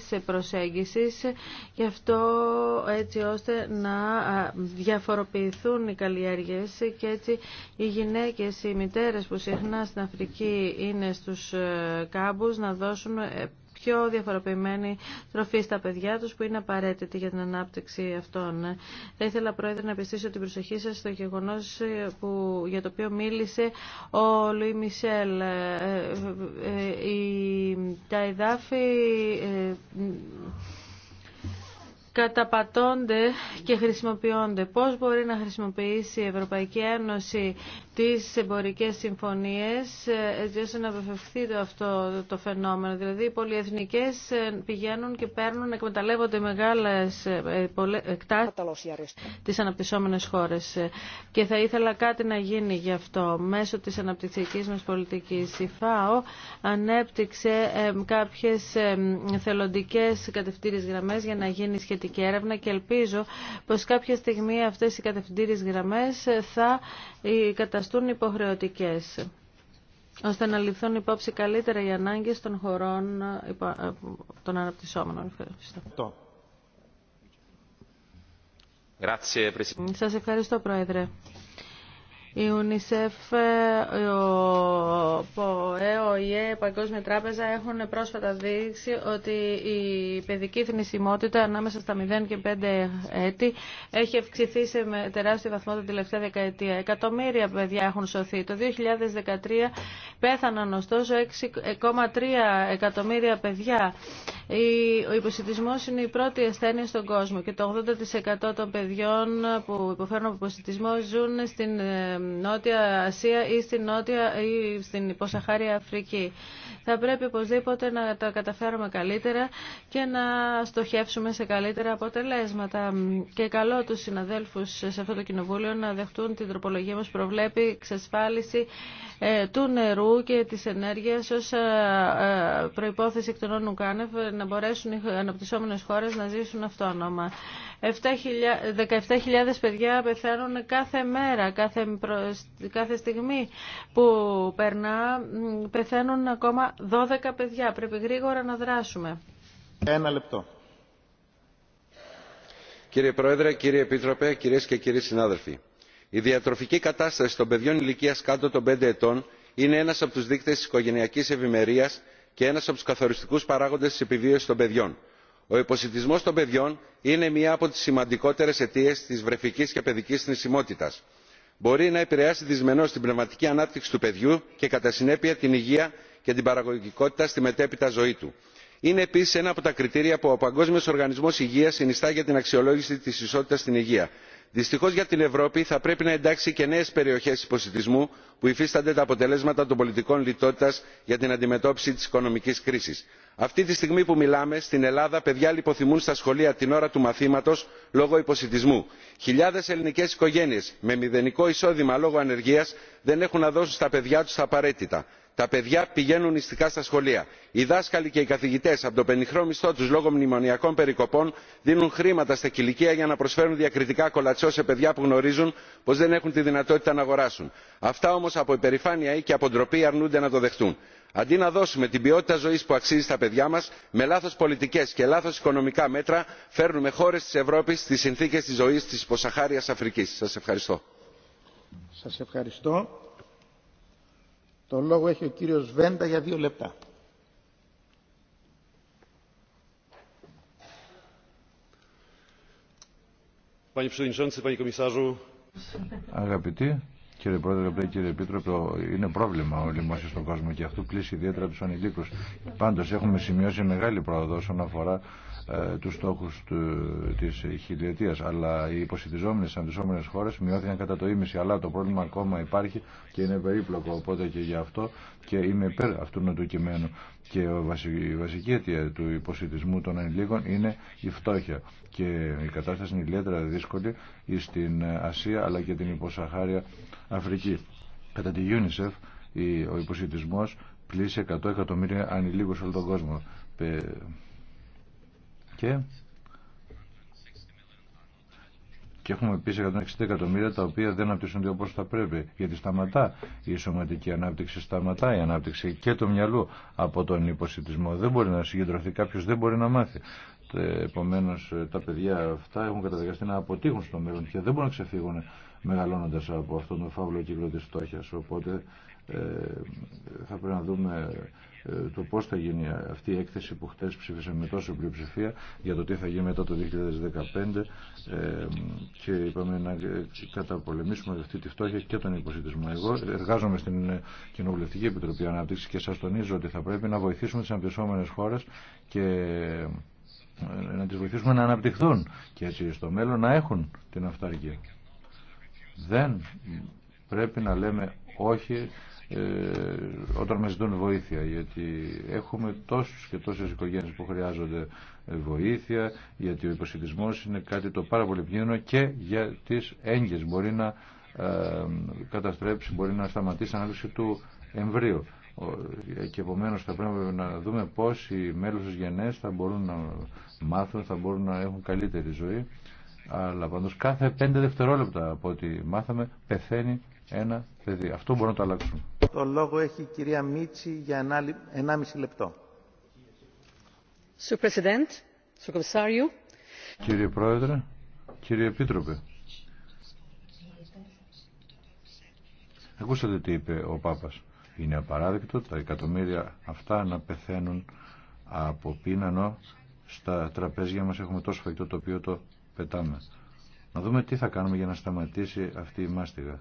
σε προσέγγισης γι' αυτό έτσι ώστε να διαφοροποιηθούν οι καλλιέργειες και έτσι οι γυναίκες, οι μητέρες που συχνά στην Αφρική είναι στους ε, κάμπους να δώσουν πιο διαφοροποιημένη τροφή στα παιδιά τους που είναι απαραίτητη για την ανάπτυξη αυτών. Θα ήθελα πρόεδρε να πιστήσω την προσοχή σας στο γεγονός ε, που, για το οποίο μίλησε ο Λουί Μισελ. τα ε, εδάφη ε, καταπατώνται και χρησιμοποιώνται. Πώς μπορεί να χρησιμοποιήσει η Ευρωπαϊκή Ένωση τις εμπορικές συμφωνίες έτσι ώστε να βεβαιωθεί το αυτό το φαινόμενο. Δηλαδή οι πολυεθνικές ε, πηγαίνουν και παίρνουν, εκμεταλλεύονται μεγάλες ε, εκτάσεις τις αναπτυσσόμενες χώρες. Και θα ήθελα κάτι να γίνει γι' αυτό. Μέσω της αναπτυξιακής μας πολιτικής η ΦΑΟ ανέπτυξε ε, κάποιες θελοντικές κατευθύνες γραμμές για να γίνει σχετική έρευνα και ελπίζω πως κάποια στιγμή αυτές οι κατευθύνες γραμμές θα καταστρέψουν καταστούν υποχρεωτικές ώστε να ληφθούν υπόψη καλύτερα οι ανάγκες των χωρών ε, των αναπτυσσόμενων. Ευχαριστώ. Σας ευχαριστώ, Πρόεδρε η UNICEF, ο ΠΟΕ, ο ΙΕ, η Παγκόσμια Τράπεζα έχουν πρόσφατα δείξει ότι η παιδική θνησιμότητα ανάμεσα στα 0 και 5 έτη έχει αυξηθεί σε τεράστιο βαθμό την τελευταία δεκαετία. Εκατομμύρια παιδιά έχουν σωθεί. Το 2013 πέθαναν ωστόσο 6,3 εκατομμύρια παιδιά. Ο υποσυτισμός είναι η πρώτη ασθένεια στον κόσμο και το 80% των παιδιών που υποφέρουν από υποσυντισμό ζουν στην ε, Νότια Ασία ή στην, Νότια, ή στην υποσαχάρια Αφρική. Θα πρέπει οπωσδήποτε να τα καταφέρουμε καλύτερα και να στοχεύσουμε σε καλύτερα αποτελέσματα. Και καλό τους συναδέλφους σε αυτό το κοινοβούλιο να δεχτούν την τροπολογία μας προβλέπει εξασφάλιση ε, του νερού και της ενέργειας ως ε, ε, προϋπόθεση εκ των να μπορέσουν οι αναπτυσσόμενες χώρες να ζήσουν αυτόνομα. 17.000 παιδιά πεθαίνουν κάθε μέρα, κάθε κάθε στιγμή που περνά πεθαίνουν ακόμα 12 παιδιά. Πρέπει γρήγορα να δράσουμε. Ένα λεπτό. Κύριε Πρόεδρε, κύριε Επίτροπε, κυρίες και κύριοι συνάδελφοι. Η διατροφική κατάσταση των παιδιών ηλικίας κάτω των 5 ετών είναι ένας από τους δείκτες της οικογενειακής ευημερίας και ένας από τους καθοριστικούς παράγοντες της επιβίωσης των παιδιών. Ο υποσυτισμός των παιδιών είναι μία από τις σημαντικότερες αιτίες της βρεφική και παιδική θνησιμότητας μπορεί να επηρεάσει δυσμενώς την πνευματική ανάπτυξη του παιδιού και κατά συνέπεια την υγεία και την παραγωγικότητα στη μετέπειτα ζωή του. είναι επίσης ένα από τα κριτήρια που ο παγκόσμιος οργανισμός υγείας συνιστά για την αξιολόγηση της ισότητας στην υγεία δυστυχώ για την ευρώπη θα πρέπει να εντάξει και νέε περιοχέ υποσυτισμού που υφίστανται τα αποτελέσματα των πολιτικών λιτότητα για την αντιμετώπιση τη οικονομική κρίση. αυτή τη στιγμή που μιλάμε στην ελλάδα παιδιά λιποθυμούν στα σχολεία την ώρα του μαθήματο λόγω υποσυτισμού. χιλιάδε ελληνικέ οικογένειε με μηδενικό εισόδημα λόγω ανεργία δεν έχουν να δώσουν στα παιδιά του τα απαραίτητα τα παιδιά πηγαίνουν νηστικά στα σχολεία οι δάσκαλοι και οι καθηγητές από το πενιχρό μισθό τους λόγω μνημονιακών περικοπών δίνουν χρήματα στα κηλικεία για να προσφέρουν διακριτικά κολατσό σε παιδιά που γνωρίζουν πως δεν έχουν τη δυνατότητα να αγοράσουν. αυτά όμως από υπερηφάνεια ή και από ντροπή αρνούνται να το δεχτούν. αντί να δώσουμε την ποιότητα ζωής που αξίζει στα παιδιά μας με λάθος πολιτικές και λάθος οικονομικά μέτρα φέρνουμε χώρε τη Ευρώπη στις συνθήκες της ζωής της υποσαχάριας αφρικής. ευχαριστώ. Το λόγο έχει ο κύριος Βέντα για δύο λεπτά. Αγαπητοί, κύριε Πρόεδρε, αγαπητέ κύριε Επίτροπε, είναι πρόβλημα όλοι μα στον κόσμο και αυτού πλήσει ιδιαίτερα του ανηλίκου. Πάντω, έχουμε σημειώσει μεγάλη πρόοδο όσον αφορά ε, τους στόχους του, της χιλιετίας αλλά οι υποσυντιζόμενες αντισόμενες χώρες μειώθηκαν κατά το ίμιση αλλά το πρόβλημα ακόμα υπάρχει και είναι περίπλοκο οπότε και γι' αυτό και είμαι υπέρ αυτού του κειμένου και η βασική αιτία του υποσυντισμού των ανηλίκων είναι η φτώχεια και η κατάσταση είναι ιδιαίτερα δύσκολη στην Ασία αλλά και την υποσαχάρια Αφρική. Κατά τη UNICEF ο υποσυντισμός πλήσει 100 εκατομμύρια ανηλίκους σε όλο τον κόσμο και, έχουμε επίσης 160 εκατομμύρια τα οποία δεν αναπτύσσονται όπως θα πρέπει γιατί σταματά η σωματική ανάπτυξη σταματά η ανάπτυξη και το μυαλό από τον υποσυντισμό. δεν μπορεί να συγκεντρωθεί κάποιος δεν μπορεί να μάθει ε, Επομένω, ε, τα παιδιά αυτά έχουν καταδικαστεί να αποτύχουν στο μέλλον και δεν μπορούν να ξεφύγουν μεγαλώνοντας από αυτόν τον φαύλο κύκλο της φτώχειας. Οπότε ε, θα πρέπει να δούμε ε, το πώς θα γίνει αυτή η έκθεση που χτες ψήφισαμε με τόσο πλειοψηφία για το τι θα γίνει μετά το 2015 ε, και είπαμε να καταπολεμήσουμε αυτή τη φτώχεια και τον υποσυντισμό. Εγώ εργάζομαι στην Κοινοβουλευτική Επιτροπή Ανάπτυξη και σας τονίζω ότι θα πρέπει να βοηθήσουμε τις αμπισόμενες χώρες και να τις βοηθήσουμε να αναπτυχθούν και έτσι στο μέλλον να έχουν την αυτάρκεια. Δεν πρέπει να λέμε όχι ε, όταν μας ζητούν βοήθεια γιατί έχουμε τόσους και τόσες οικογένειες που χρειάζονται ε, βοήθεια γιατί ο υποσυντισμός είναι κάτι το πάρα πολύ και για τις έγκες μπορεί να ε, καταστρέψει, μπορεί να σταματήσει την ανάλυση του εμβρίου και επομένω θα πρέπει να δούμε πώς οι μέλους της θα μπορούν να μάθουν, θα μπορούν να έχουν καλύτερη ζωή αλλά πάντως κάθε πέντε δευτερόλεπτα από ό,τι μάθαμε πεθαίνει ένα παιδί. Αυτό μπορούμε να το αλλάξουμε. Το λόγο έχει η κυρία Μίτση για 1,5 λεπτό. Κύριε Πρόεδρε, κύριε Επίτροπε, ακούσατε τι είπε ο Πάπας. Είναι απαράδεκτο τα εκατομμύρια αυτά να πεθαίνουν από πίνανο στα τραπέζια μας έχουμε τόσο φαγητό το οποίο το πετάμε. Να δούμε τι θα κάνουμε για να σταματήσει αυτή η μάστιγα.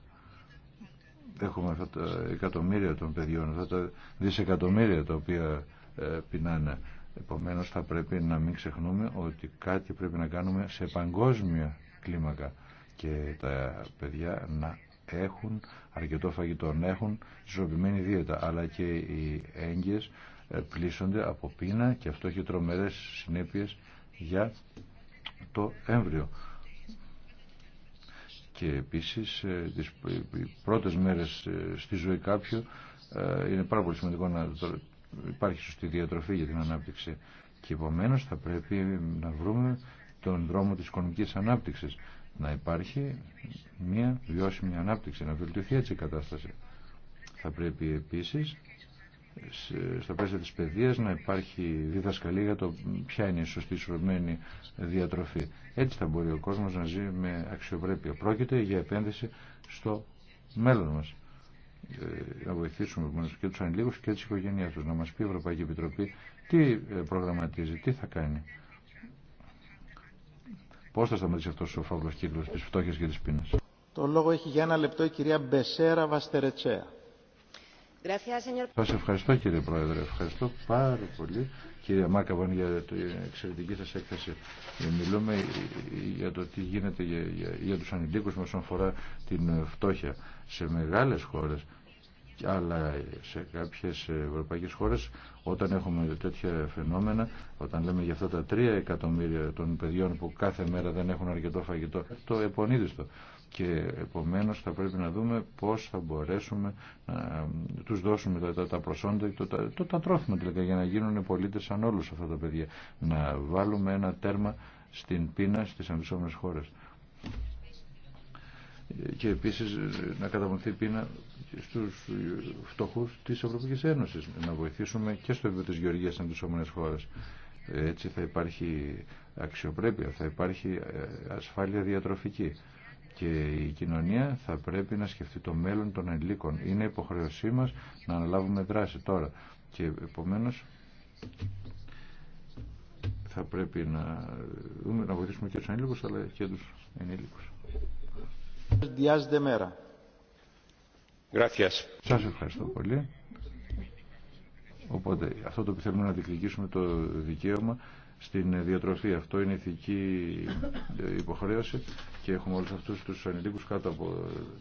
Έχουμε αυτά τα εκατομμύρια των παιδιών, αυτά τα δισεκατομμύρια τα οποία ε, πεινάνε. Επομένως θα πρέπει να μην ξεχνούμε ότι κάτι πρέπει να κάνουμε σε παγκόσμια κλίμακα και τα παιδιά να έχουν αρκετό φαγητό, να έχουν ισορροπημένη δίαιτα, αλλά και οι έγκυες ε, πλήσονται από πείνα και αυτό έχει τρομερές συνέπειες για το έμβριο. Και επίσης ε, τις ε, πρώτες μέρες ε, στη ζωή κάποιου είναι πάρα πολύ σημαντικό να υπάρχει σωστή διατροφή για την ανάπτυξη και επομένω θα πρέπει να βρούμε τον δρόμο της οικονομικής ανάπτυξης να υπάρχει μια βιώσιμη ανάπτυξη, να βελτιωθεί έτσι η κατάσταση. Θα πρέπει επίσης στα πλαίσια της παιδείας να υπάρχει διδασκαλία για το ποια είναι η σωστή ισορροπημένη διατροφή. Έτσι θα μπορεί ο κόσμος να ζει με αξιοπρέπεια. Πρόκειται για επένδυση στο μέλλον μας. Ε, να βοηθήσουμε και τους ανηλίκους και τις οικογένειές τους. Να μας πει η Ευρωπαϊκή Επιτροπή τι ε, προγραμματίζει, τι θα κάνει. Πώς θα σταματήσει αυτός ο φαύλος κύκλος της φτώχειας και της πείνας. Το λόγο έχει για ένα λεπτό η κυρία Μπεσέρα Βαστερετσέα. Σα ευχαριστώ κύριε Πρόεδρε, ευχαριστώ πάρα πολύ κύριε Μάκαβον για την εξαιρετική σας έκθεση. Ε, μιλούμε ε, για το τι γίνεται για, για, για τους ανηλίκους μας όσον αφορά την ε, φτώχεια σε μεγάλες χώρες αλλά σε κάποιες ευρωπαϊκές χώρες όταν έχουμε τέτοια φαινόμενα όταν λέμε για αυτά τα τρία εκατομμύρια των παιδιών που κάθε μέρα δεν έχουν αρκετό φαγητό το επονίδιστο και επομένως θα πρέπει να δούμε πώς θα μπορέσουμε να τους δώσουμε τα, τα, προσόντα, και τα, το, τα τρόφιμα για να γίνουν πολίτες σαν όλους αυτά τα παιδιά. Να βάλουμε ένα τέρμα στην πείνα στις αντισόμενες χώρες. Και επίσης να η πείνα στους φτωχούς της Ευρωπαϊκής Ένωσης. Να βοηθήσουμε και στο επίπεδο της Γεωργίας στις αντισόμενες χώρες. Έτσι θα υπάρχει αξιοπρέπεια, θα υπάρχει ε, ασφάλεια διατροφική και η κοινωνία θα πρέπει να σκεφτεί το μέλλον των ανηλίκων. Είναι υποχρεωσή μας να αναλάβουμε δράση τώρα και επομένως θα πρέπει να, δούμε, να βοηθήσουμε και τους ανήλικους αλλά και τους ενήλικους. Σας ευχαριστώ πολύ. Οπότε αυτό το που θέλουμε να διεκδικήσουμε το δικαίωμα στην διατροφή. Αυτό είναι ηθική υποχρέωση και έχουμε όλους αυτούς τους ανηλίκους κάτω από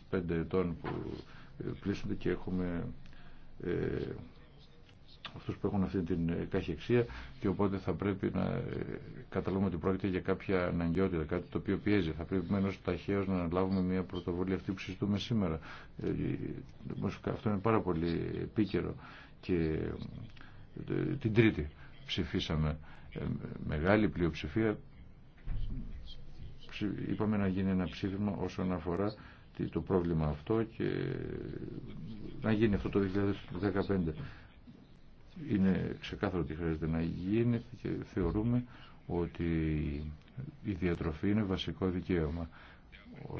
πέντε ετών που πλήσονται και έχουμε ε, αυτούς που έχουν αυτή την καχεξία και οπότε θα πρέπει να ε, καταλάβουμε ότι πρόκειται για κάποια αναγκαιότητα, κάτι το οποίο πιέζει. Θα πρέπει μένως ταχαίως να λάβουμε μια πρωτοβολία αυτή που συζητούμε σήμερα. Ε, αυτό είναι πάρα πολύ επίκαιρο και ε, την Τρίτη ψηφίσαμε ε, μεγάλη πλειοψηφία είπαμε να γίνει ένα ψήφισμα όσον αφορά το πρόβλημα αυτό και να γίνει αυτό το 2015. Είναι ξεκάθαρο ότι χρειάζεται να γίνει και θεωρούμε ότι η διατροφή είναι βασικό δικαίωμα. Ο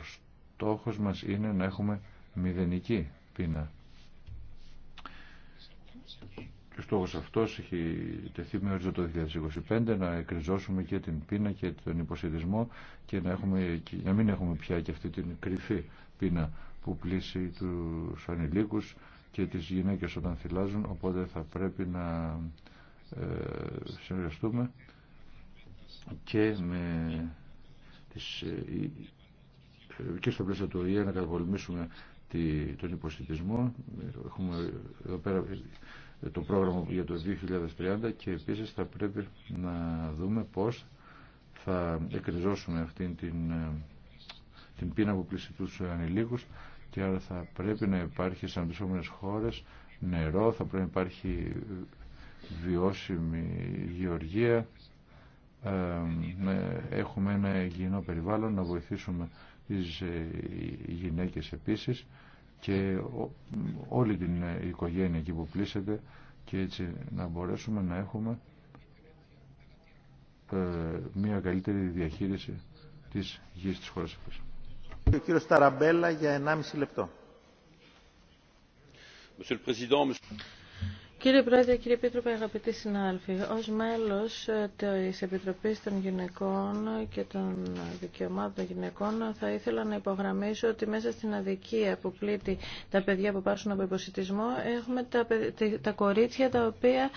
στόχος μας είναι να έχουμε μηδενική πίνα στόχος αυτός έχει τεθεί με το 2025 να εκριζώσουμε και την πείνα και τον υποσυντισμό και να, έχουμε, να μην έχουμε πια και αυτή την κρυφή πείνα που πλήσει τους ανηλίκους και τις γυναίκες όταν θυλάζουν οπότε θα πρέπει να ε, συνεργαστούμε και με τις, ε, ε, και στο πλαίσιο του ΟΗΕ να καταπολεμήσουμε τον υποσυντισμό. Έχουμε εδώ πέρα το πρόγραμμα για το 2030 και επίσης θα πρέπει να δούμε πώς θα εκριζώσουμε αυτήν την, ε, την πείνα που πλήσει τους ανηλίκους και άρα θα πρέπει να υπάρχει σαν τις χώρε χώρες νερό, θα πρέπει να υπάρχει βιώσιμη γεωργία, ε, να έχουμε ένα υγιεινό περιβάλλον, να βοηθήσουμε τις ε, γυναίκες επίσης και όλη την οικογένεια εκεί που πλήσετε και έτσι να μπορέσουμε να έχουμε ε, μια καλύτερη διαχείριση της γης της χώρας αυτής. Ο κύριος Ταραμπέλα για 1,5 λεπτό. Monsieur monsieur... le Président, Κύριε Πρόεδρε, κύριε Πίτροπε, αγαπητοί συνάδελφοι, ως μέλος ε, της Επιτροπής των Γυναικών και των Δικαιωμάτων των Γυναικών θα ήθελα να υπογραμμίσω ότι μέσα στην αδικία που πλήττει τα παιδιά που πάσουν από υποσυτισμό έχουμε τα, τα κορίτσια τα οποία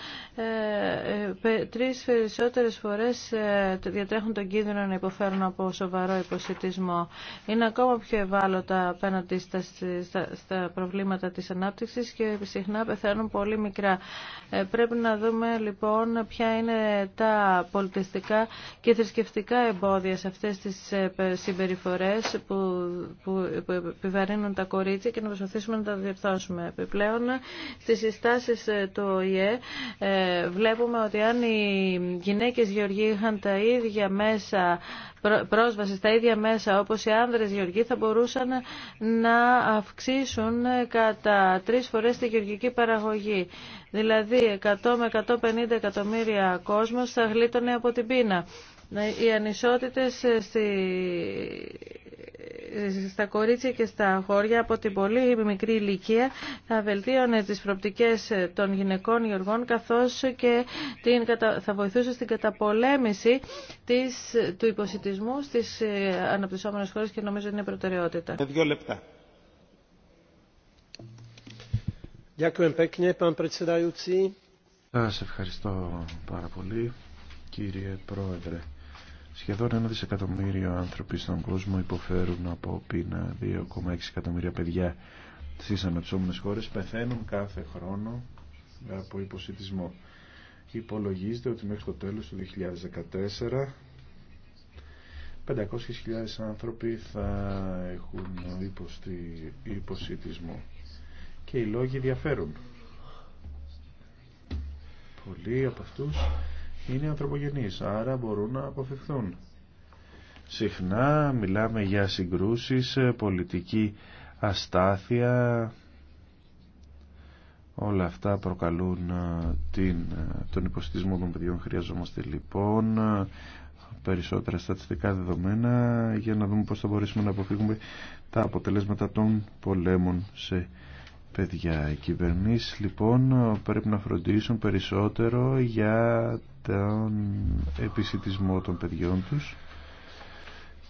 ε, ε τρεις περισσότερες φορές ε, διατρέχουν τον κίνδυνο να υποφέρουν από σοβαρό υποσυτισμό. Είναι ακόμα πιο ευάλωτα απέναντι στα, στα, προβλήματα της ανάπτυξης και συχνά πεθαίνουν πολύ μικρά ε, πρέπει να δούμε λοιπόν ποια είναι τα πολιτιστικά και θρησκευτικά εμπόδια σε αυτές τις ε, συμπεριφορές που, που, επιβαρύνουν τα κορίτσια και να προσπαθήσουμε να τα διορθώσουμε. Επιπλέον στις συστάσεις ε, του ΟΗΕ βλέπουμε ότι αν οι γυναίκες γεωργοί είχαν τα ίδια μέσα πρόσβαση στα ίδια μέσα όπως οι άνδρες γεωργοί θα μπορούσαν να αυξήσουν κατά τρεις φορές τη γεωργική παραγωγή. Δηλαδή 100 με 150 εκατομμύρια κόσμος θα γλίτωνε από την πείνα. Οι ανισότητες στη στα κορίτσια και στα χώρια από την πολύ μικρή ηλικία θα βελτίωνε τις προπτικές των γυναικών γεωργών καθώς και την, θα βοηθούσε στην καταπολέμηση της, του υποσυτισμού στις ε, αναπτυσσόμενες χώρες και νομίζω είναι προτεραιότητα. Ε, δύο λεπτά. Σας ευχαριστώ πάρα πολύ κύριε Πρόεδρε. Σχεδόν ένα δισεκατομμύριο άνθρωποι στον κόσμο υποφέρουν από πείνα. 2,6 εκατομμύρια παιδιά στι αναψώμενε χώρε πεθαίνουν κάθε χρόνο από υποσυτισμό. Υπολογίζεται ότι μέχρι το τέλος του 2014 500.000 άνθρωποι θα έχουν υποσυτισμό και οι λόγοι διαφέρουν. Πολλοί από αυτούς είναι ανθρωπογενείς, άρα μπορούν να αποφευθούν. Συχνά μιλάμε για συγκρούσεις, ε, πολιτική αστάθεια, όλα αυτά προκαλούν ε, την, ε, τον υποστηρισμό των παιδιών. Χρειαζόμαστε λοιπόν περισσότερα στατιστικά δεδομένα για να δούμε πώς θα μπορέσουμε να αποφύγουμε τα αποτελέσματα των πολέμων σε παιδιά. Οι λοιπόν πρέπει να φροντίσουν περισσότερο για τον επισητισμό των παιδιών τους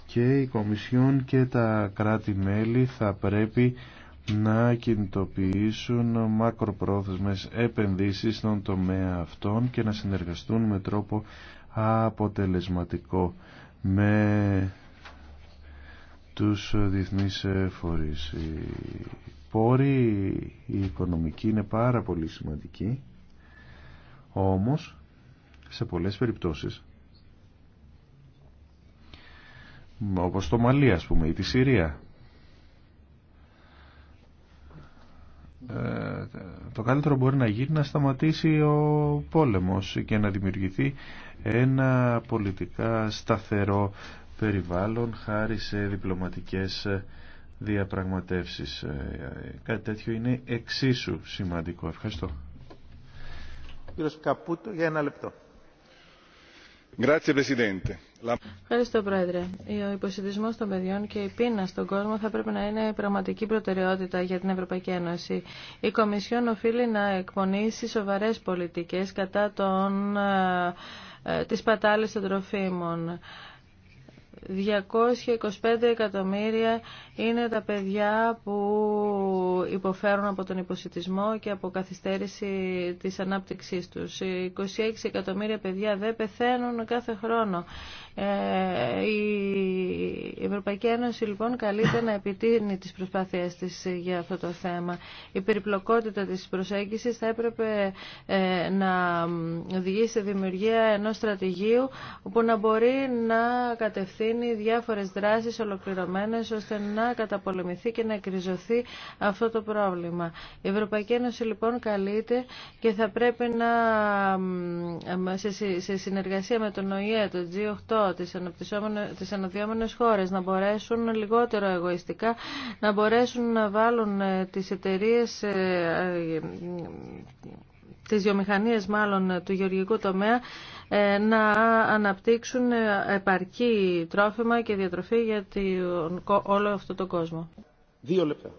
και η Κομισιόν και τα κράτη-μέλη θα πρέπει να κινητοποιήσουν μακροπρόθεσμες επενδύσεις στον τομέα αυτών και να συνεργαστούν με τρόπο αποτελεσματικό με τους διεθνείς φορείς. Οι πόροι, οι οικονομικοί είναι πάρα πολύ σημαντικοί, όμως σε πολλές περιπτώσεις όπως το Μαλί ας πούμε ή τη Συρία ε, το καλύτερο μπορεί να γίνει να σταματήσει ο πόλεμος και να δημιουργηθεί ένα πολιτικά σταθερό περιβάλλον χάρη σε διπλωματικές διαπραγματεύσεις. Ε, κάτι τέτοιο είναι εξίσου σημαντικό. Ευχαριστώ. Κύριος Καπούτο για ένα λεπτό. Ευχαριστώ, Πρόεδρε. Ο υποσυντισμό των παιδιών και η πείνα στον κόσμο θα πρέπει να είναι πραγματική προτεραιότητα για την Ευρωπαϊκή Ένωση. Η Κομισιόν οφείλει να εκπονήσει σοβαρέ πολιτικέ κατά των, ε, ε, της πατάλης των τροφίμων. 225 εκατομμύρια είναι τα παιδιά που υποφέρουν από τον υποσυτισμό και από καθυστέρηση της ανάπτυξής τους. 26 εκατομμύρια παιδιά δεν πεθαίνουν κάθε χρόνο. Ε, η Ευρωπαϊκή Ένωση λοιπόν καλείται να επιτείνει τις προσπάθειές της για αυτό το θέμα. Η περιπλοκότητα της προσέγγισης θα έπρεπε ε, να οδηγεί σε δημιουργία ενός στρατηγίου που να μπορεί να κατευθύνει διάφορες δράσεις ολοκληρωμένες ώστε να καταπολεμηθεί και να εκριζωθεί αυτό το πρόβλημα. Η Ευρωπαϊκή Ένωση λοιπόν καλείται και θα πρέπει να σε συνεργασία με τον ΟΗΕ, τον G8 τις, τις χώρες να μπορέσουν λιγότερο εγωιστικά, να μπορέσουν να βάλουν ε, τις εταιρείες ε, ε, τις βιομηχανίες μάλλον του γεωργικού τομέα να αναπτύξουν επαρκή τρόφιμα και διατροφή για όλο αυτό το κόσμο. Δύο λεπτά.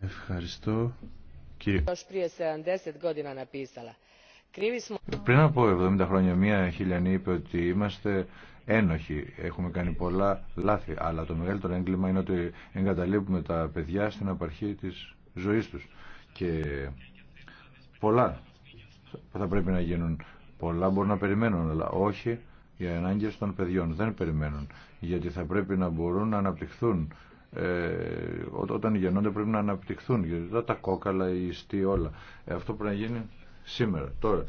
Ευχαριστώ. Πριν από 70 χρόνια μία χιλιανή είπε ότι είμαστε ένοχοι, έχουμε κάνει πολλά λάθη, αλλά το μεγαλύτερο έγκλημα είναι ότι εγκαταλείπουμε τα παιδιά στην απαρχή της ζωής τους. Και πολλά θα πρέπει να γίνουν, πολλά μπορούν να περιμένουν, αλλά όχι οι ανάγκες των παιδιών δεν περιμένουν, γιατί θα πρέπει να μπορούν να αναπτυχθούν ε, όταν γεννώνται πρέπει να αναπτυχθούν γιατί τα κόκαλα, η ιστή, όλα ε, αυτό πρέπει να γίνει σήμερα τώρα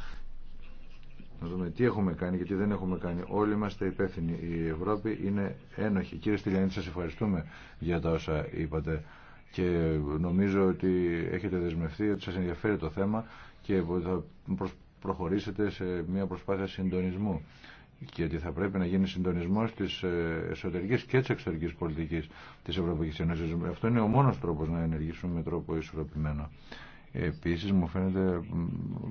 να δούμε τι έχουμε κάνει και τι δεν έχουμε κάνει όλοι είμαστε υπεύθυνοι η Ευρώπη είναι ένοχη κύριε Στυλιανίτη σας ευχαριστούμε για τα όσα είπατε και νομίζω ότι έχετε δεσμευτεί ότι σας ενδιαφέρει το θέμα και θα προχωρήσετε σε μια προσπάθεια συντονισμού και ότι θα πρέπει να γίνει συντονισμό τη ε, εσωτερική και τη εξωτερική πολιτική τη Ευρωπαϊκή Ένωση. Αυτό είναι ο μόνο τρόπο να ενεργήσουμε με τρόπο ισορροπημένο. Επίσης μου φαίνεται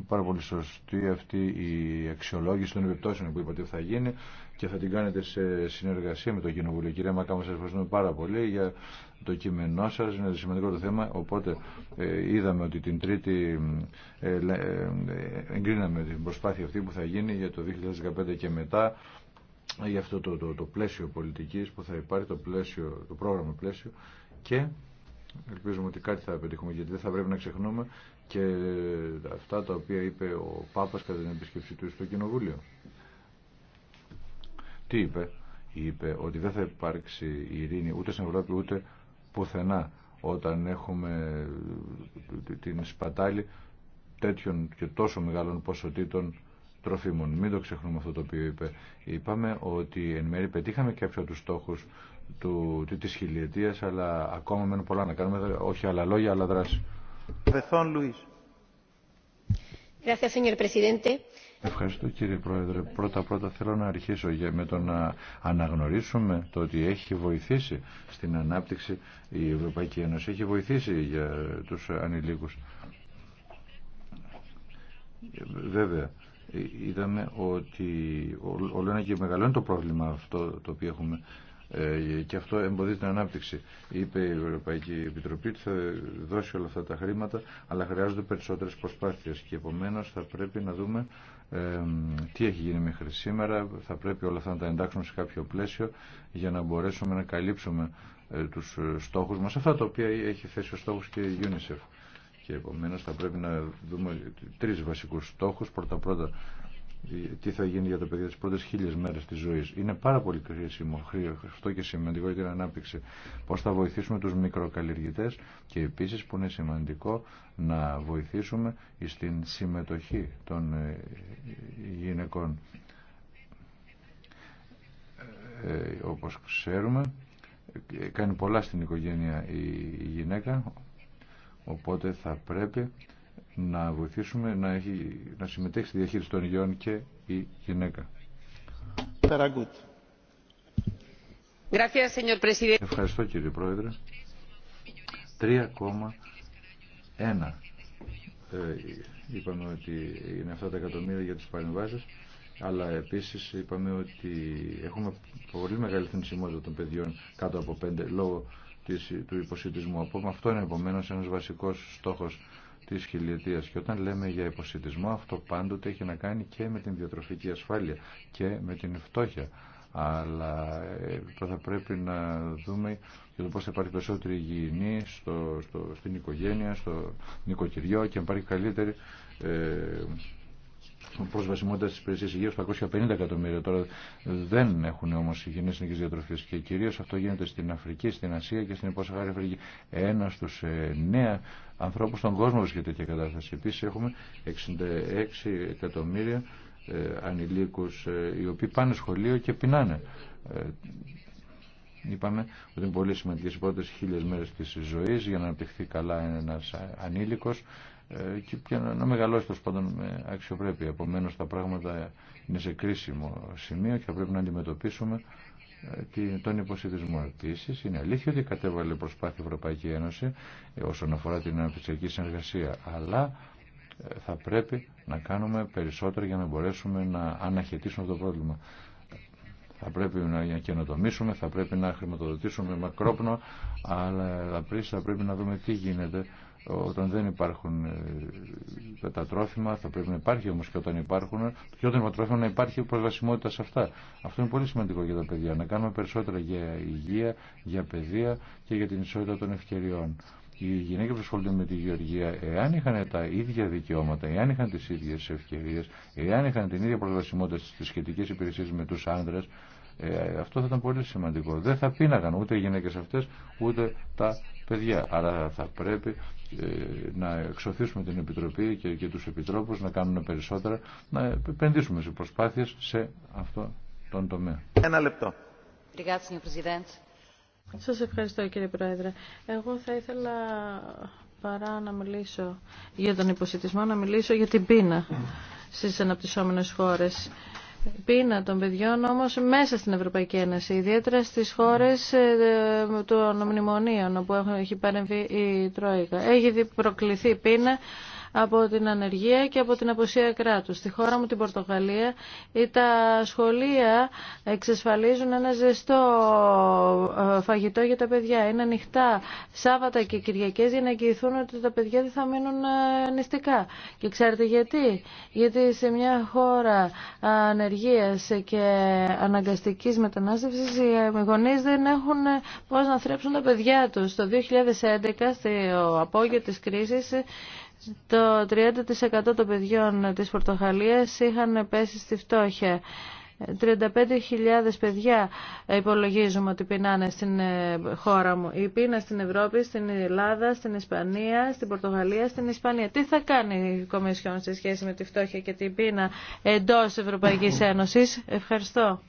πάρα πολύ σωστή αυτή η αξιολόγηση των επιπτώσεων που είπατε ότι θα γίνει και θα την κάνετε σε συνεργασία με το Κοινοβούλιο. Κυρία Μακάμα, σας ευχαριστούμε πάρα πολύ για το κείμενό σας, είναι σημαντικό το θέμα, οπότε ε, είδαμε ότι την Τρίτη ε, ε, εγκρίναμε την προσπάθεια αυτή που θα γίνει για το 2015 και μετά για αυτό το, το, το πλαίσιο πολιτικής που θα υπάρχει, το, πλαίσιο, το πρόγραμμα πλαίσιο και Ελπίζουμε ότι κάτι θα πετύχουμε γιατί δεν θα πρέπει να ξεχνούμε και αυτά τα οποία είπε ο Πάπας κατά την επίσκεψή του στο Κοινοβούλιο. Τι είπε. Είπε ότι δεν θα υπάρξει ειρήνη ούτε στην Ευρώπη ούτε πουθενά όταν έχουμε την σπατάλη τέτοιων και τόσο μεγάλων ποσοτήτων τροφίμων. Μην το ξεχνούμε αυτό το οποίο είπε. Είπαμε ότι εν μέρει πετύχαμε και από τους στόχους του, της χιλιετίας, αλλά ακόμα μένουν πολλά να κάνουμε, όχι άλλα λόγια, αλλά δράση. Ευχαριστώ κύριε Πρόεδρε. Πρώτα-πρώτα θέλω να αρχίσω με το να αναγνωρίσουμε το ότι έχει βοηθήσει στην ανάπτυξη η Ευρωπαϊκή Ένωση. Έχει βοηθήσει για τους ανηλίκους. Βέβαια, ε, είδαμε ότι όλο ένα και μεγαλώνει το πρόβλημα αυτό το οποίο έχουμε ε, και αυτό εμποδίζει την ανάπτυξη. Είπε η Ευρωπαϊκή Επιτροπή ότι θα δώσει όλα αυτά τα χρήματα, αλλά χρειάζονται περισσότερες προσπάθειε. και επομένω θα πρέπει να δούμε τι έχει γίνει μέχρι σήμερα. Θα πρέπει όλα αυτά να τα εντάξουμε σε κάποιο πλαίσιο για να μπορέσουμε να καλύψουμε ε, τους ε, στόχους μας, αυτά τα οποία έχει θέσει ο στόχο και η UNICEF. Και επομένω θα πρέπει να δούμε τρει βασικού στόχου, στόχους. Πρώτα-πρώτα τι θα γίνει για το παιδί τι πρώτες χίλιε μέρες της ζωής. Είναι πάρα πολύ κρίσιμο, αυτό και σημαντικό για την ανάπτυξη. Πώς θα βοηθήσουμε τους μικροκαλλιεργητές και επίσης που είναι σημαντικό να βοηθήσουμε στην συμμετοχή των ε, γυναικών. Ε, όπως ξέρουμε, ε, κάνει πολλά στην οικογένεια η γυναίκα, οπότε θα πρέπει να βοηθήσουμε να, συμμετέχει στη διαχείριση των υγειών και η γυναίκα. Ευχαριστώ κύριε Πρόεδρε. 3,1 ε, είπαμε ότι είναι αυτά τα εκατομμύρια για τις παρεμβάσεις αλλά επίσης είπαμε ότι έχουμε πολύ μεγάλη θνησιμότητα των παιδιών κάτω από 5 λόγω του υποσυτισμού. Από αυτό είναι επομένως ένας βασικός στόχος της χιλιετίας. Και όταν λέμε για υποσυντισμό, αυτό πάντοτε έχει να κάνει και με την διατροφική ασφάλεια και με την φτώχεια. Αλλά ε, το θα πρέπει να δούμε για το πώς θα υπάρχει περισσότερη υγιεινή στο, στην οικογένεια, στο νοικοκυριό και αν υπάρχει καλύτερη ε, προσβασιμότητα τη υπηρεσία υγεία 250 εκατομμύρια. Τώρα δεν έχουν όμω υγιεινέ συνεχεί διατροφέ και κυρίω αυτό γίνεται στην Αφρική, στην Ασία και στην υπόσαχαρη Αφρική. Ένα στου ε, νέα ανθρώπου στον κόσμο βρίσκεται τέτοια κατάσταση. Επίση έχουμε 66 εκατομμύρια ε, ανηλίκου ε, οι οποίοι πάνε σχολείο και πεινάνε. Είπαμε ότι είναι πολύ σημαντικέ οι πρώτε χίλιε μέρε τη ζωή για να αναπτυχθεί καλά ένα ανήλικο ε, και, να μεγαλώσει το πάντων με αξιοπρέπεια. Επομένω τα πράγματα είναι σε κρίσιμο σημείο και θα πρέπει να αντιμετωπίσουμε ε, τον υποσυντισμό. Επίση, είναι αλήθεια ότι κατέβαλε προσπάθεια η Ευρωπαϊκή Ένωση ε, όσον αφορά την αναπτυξιακή συνεργασία, αλλά θα πρέπει να κάνουμε περισσότερο για να μπορέσουμε να αναχαιτήσουμε το πρόβλημα. Θα πρέπει να καινοτομήσουμε, θα πρέπει να χρηματοδοτήσουμε μακρόπνο, αλλά θα πρέπει να δούμε τι γίνεται όταν δεν υπάρχουν ε, τα τρόφιμα, θα πρέπει να υπάρχει όμως και όταν υπάρχουν, και όταν υπάρχουν τρόφιμα να υπάρχει προσβασιμότητα σε αυτά. Αυτό είναι πολύ σημαντικό για τα παιδιά, να κάνουμε περισσότερα για υγεία, για παιδεία και για την ισότητα των ευκαιριών. Οι γυναίκε που ασχολούνται με τη γεωργία, εάν είχαν τα ίδια δικαιώματα, εάν είχαν τι ίδιε ευκαιρίε, εάν είχαν την ίδια προσβασιμότητα στι σχετικέ υπηρεσίε με του άντρε, ε, αυτό θα ήταν πολύ σημαντικό. Δεν θα πίναγαν ούτε οι γυναίκε αυτέ, ούτε τα παιδιά. Άρα θα πρέπει ε, να εξωθήσουμε την Επιτροπή και, και τους Επιτρόπους να κάνουν περισσότερα, να επενδύσουμε σε προσπάθειες σε αυτό τον τομέα. Ένα λεπτό. Σας ευχαριστώ κύριε Πρόεδρε. Εγώ θα ήθελα παρά να μιλήσω για τον υποσυτισμό, να μιλήσω για την πείνα στις αναπτυσσόμενες χώρες πείνα των παιδιών όμως μέσα στην Ευρωπαϊκή Ένωση, ιδιαίτερα στις χώρες ε, των μνημονίων όπου έχει παρεμβεί η Τρόικα. Έχει προκληθεί πείνα από την ανεργία και από την αποσία κράτους. Στη χώρα μου την Πορτογαλία τα σχολεία εξασφαλίζουν ένα ζεστό ε, φαγητό για τα παιδιά. Είναι ανοιχτά Σάββατα και Κυριακές για να εγγυηθούν ότι τα παιδιά δεν θα μείνουν ε, νηστικά. Και ξέρετε γιατί. Γιατί σε μια χώρα ανεργίας και αναγκαστικής μετανάστευσης οι ε, γονεί δεν έχουν πώς να θρέψουν τα παιδιά τους. Το 2011, στο απόγειο της κρίσης, το 30% των παιδιών της Πορτογαλίας είχαν πέσει στη φτώχεια. 35.000 παιδιά υπολογίζουμε ότι πεινάνε στην ε, χώρα μου. Η πείνα στην Ευρώπη, στην Ελλάδα, στην Ισπανία, στην Πορτογαλία, στην Ισπανία. Τι θα κάνει η Κομισιόν σε σχέση με τη φτώχεια και την πείνα εντός Ευρωπαϊκής Ένωσης. Ευχαριστώ.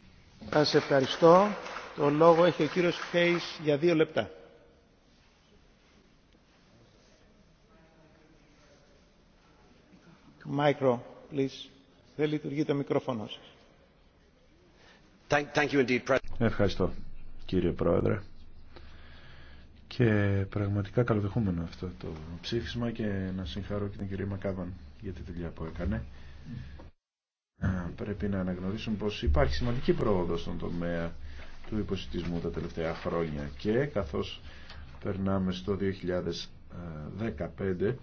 Σας ευχαριστώ. Το λόγο έχει ο κύριος Χέις για δύο λεπτά. Ευχαριστώ, κύριε Πρόεδρε. Και πραγματικά καλοδεχούμενο αυτό το ψήφισμα και να συγχαρώ και την κυρία Μακάβαν για τη δουλειά που έκανε. Πρέπει να αναγνωρίσουμε πως υπάρχει σημαντική πρόοδο στον τομέα του υποσυτισμού τα τελευταία χρόνια και καθώς περνάμε στο 2015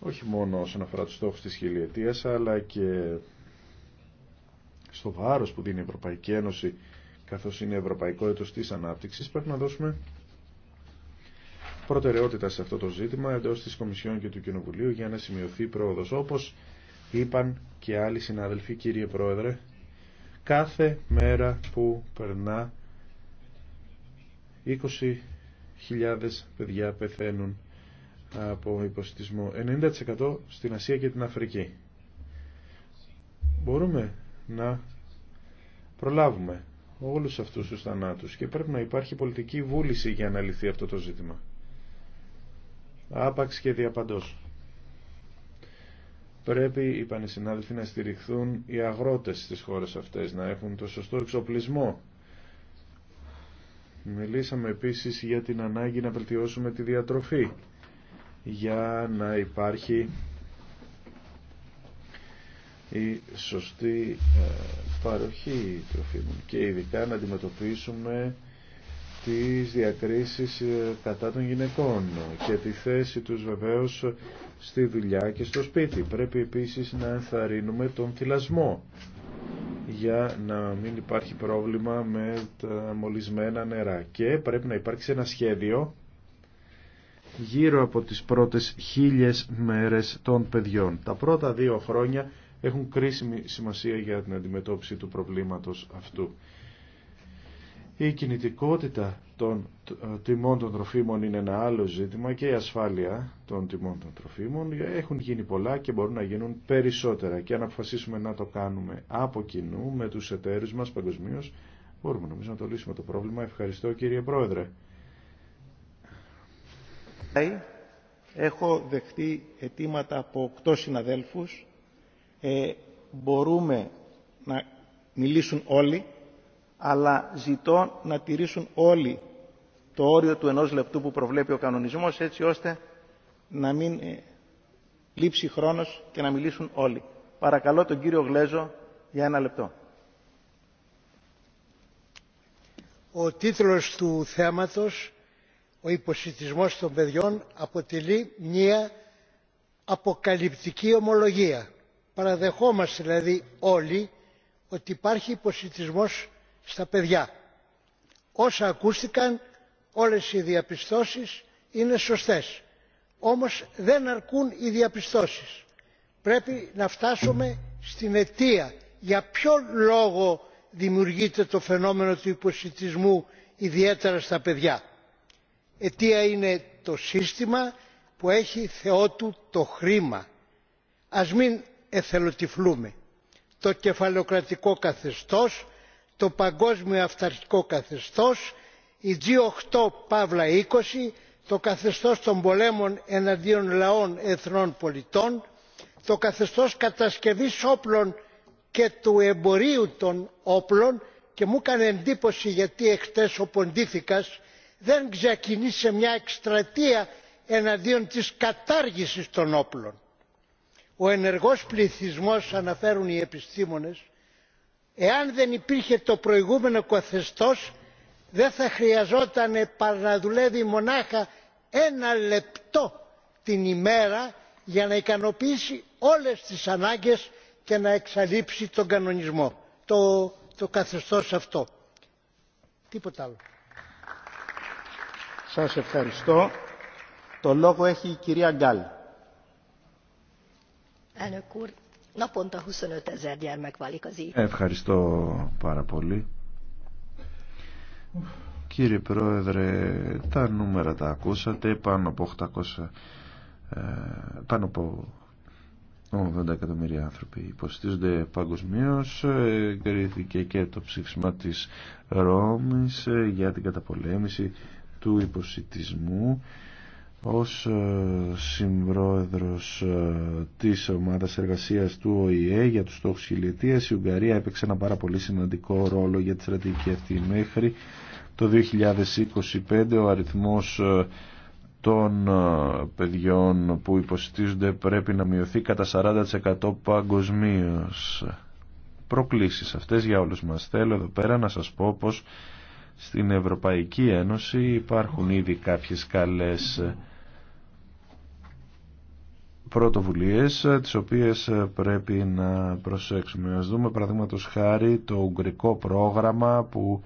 όχι μόνο όσον αφορά τους στόχους της χιλιετίας, αλλά και στο βάρος που δίνει η Ευρωπαϊκή Ένωση, καθώς είναι Ευρωπαϊκό έτος της ανάπτυξης, πρέπει να δώσουμε προτεραιότητα σε αυτό το ζήτημα εντός της Κομισιόν και του Κοινοβουλίου για να σημειωθεί πρόοδος. Όπως είπαν και άλλοι συνάδελφοι, κύριε Πρόεδρε, κάθε μέρα που περνά 20.000 παιδιά πεθαίνουν από υποστηρισμό 90% στην Ασία και την Αφρική. Μπορούμε να προλάβουμε όλους αυτούς τους θανάτους και πρέπει να υπάρχει πολιτική βούληση για να λυθεί αυτό το ζήτημα. Άπαξ και διαπαντός. Πρέπει οι πανεσυνάδελφοι να στηριχθούν οι αγρότες στις χώρες αυτές, να έχουν το σωστό εξοπλισμό. Μιλήσαμε επίσης για την ανάγκη να βελτιώσουμε τη διατροφή για να υπάρχει η σωστή ε, παροχή τροφίμων και ειδικά να αντιμετωπίσουμε τις διακρίσεις ε, κατά των γυναικών και τη θέση τους βεβαίως στη δουλειά και στο σπίτι. Πρέπει επίσης να ενθαρρύνουμε τον θυλασμό για να μην υπάρχει πρόβλημα με τα μολυσμένα νερά και πρέπει να υπάρξει ένα σχέδιο γύρω από τις πρώτες χίλιες μέρες των παιδιών. Τα πρώτα δύο χρόνια έχουν κρίσιμη σημασία για την αντιμετώπιση του προβλήματος αυτού. Η κινητικότητα των ε, τιμών των τροφίμων είναι ένα άλλο ζήτημα και η ασφάλεια των τιμών των τροφίμων. Έχουν γίνει πολλά και μπορούν να γίνουν περισσότερα και αν αποφασίσουμε να το κάνουμε από κοινού με τους εταίρους μας παγκοσμίω, μπορούμε νομίζω να το λύσουμε το πρόβλημα. Ευχαριστώ κύριε Πρόεδρε. Έχω δεχτεί αιτήματα από οκτώ συναδέλφους. Ε, μπορούμε να μιλήσουν όλοι, αλλά ζητώ να τηρήσουν όλοι το όριο του ενός λεπτού που προβλέπει ο κανονισμός, έτσι ώστε να μην ε, λείψει χρόνος και να μιλήσουν όλοι. Παρακαλώ τον κύριο Γλέζο για ένα λεπτό. Ο τίτλος του θέματος ο υποσιτισμός των παιδιών αποτελεί μια αποκαλυπτική ομολογία. παραδεχόμαστε δηλαδή όλοι ότι υπάρχει υποσιτισμός στα παιδιά. όσα ακούστηκαν όλες οι διαπιστώσεις είναι σωστές. όμως δεν αρκούν οι διαπιστώσεις. πρέπει να φτάσουμε στην αιτία. για ποιο λόγο δημιουργείται το φαινόμενο του υποσιτισμού ιδιαίτερα στα παιδιά αιτία είναι το σύστημα που έχει θεό του το χρήμα. Ας μην εθελοτυφλούμε. Το κεφαλοκρατικό καθεστώς, το παγκόσμιο αυταρχικό καθεστώς, η G8 Παύλα 20, το καθεστώς των πολέμων εναντίον λαών εθνών πολιτών, το καθεστώς κατασκευής όπλων και του εμπορίου των όπλων και μου έκανε εντύπωση γιατί εχθές ο δεν σε μια εκστρατεία εναντίον της κατάργησης των όπλων. Ο ενεργός πληθυσμός, αναφέρουν οι επιστήμονες, εάν δεν υπήρχε το προηγούμενο καθεστώς δεν θα χρειαζόταν να δουλεύει μονάχα ένα λεπτό την ημέρα για να ικανοποιήσει όλες τις ανάγκες και να εξαλείψει τον κανονισμό, το, το καθεστώς αυτό. Τίποτα άλλο. Σας ευχαριστώ. Το λόγο έχει η κυρία Γκάλ. Ευχαριστώ πάρα πολύ. Κύριε Πρόεδρε, τα νούμερα τα ακούσατε, πάνω από 800, ε, πάνω από 80 εκατομμύρια άνθρωποι υποστήριζονται παγκοσμίω. Ε, εγκρίθηκε και το ψήφισμα της Ρώμης ε, για την καταπολέμηση του υποσυτισμού ως ε, συμπρόεδρος ε, της ομάδας εργασίας του ΟΗΕ για τους στόχους χιλιετίας η Ουγγαρία έπαιξε ένα πάρα πολύ σημαντικό ρόλο για τη στρατηγική αυτή μέχρι το 2025 ο αριθμός ε, των παιδιών που υποσυτίζονται πρέπει να μειωθεί κατά 40% παγκοσμίω. Προκλήσεις αυτές για όλους μας. Θέλω εδώ πέρα να σας πω πως στην Ευρωπαϊκή Ένωση υπάρχουν ήδη κάποιες καλές πρωτοβουλίες τις οποίες πρέπει να προσέξουμε. Ας δούμε παραδείγματος χάρη το ουγγρικό πρόγραμμα που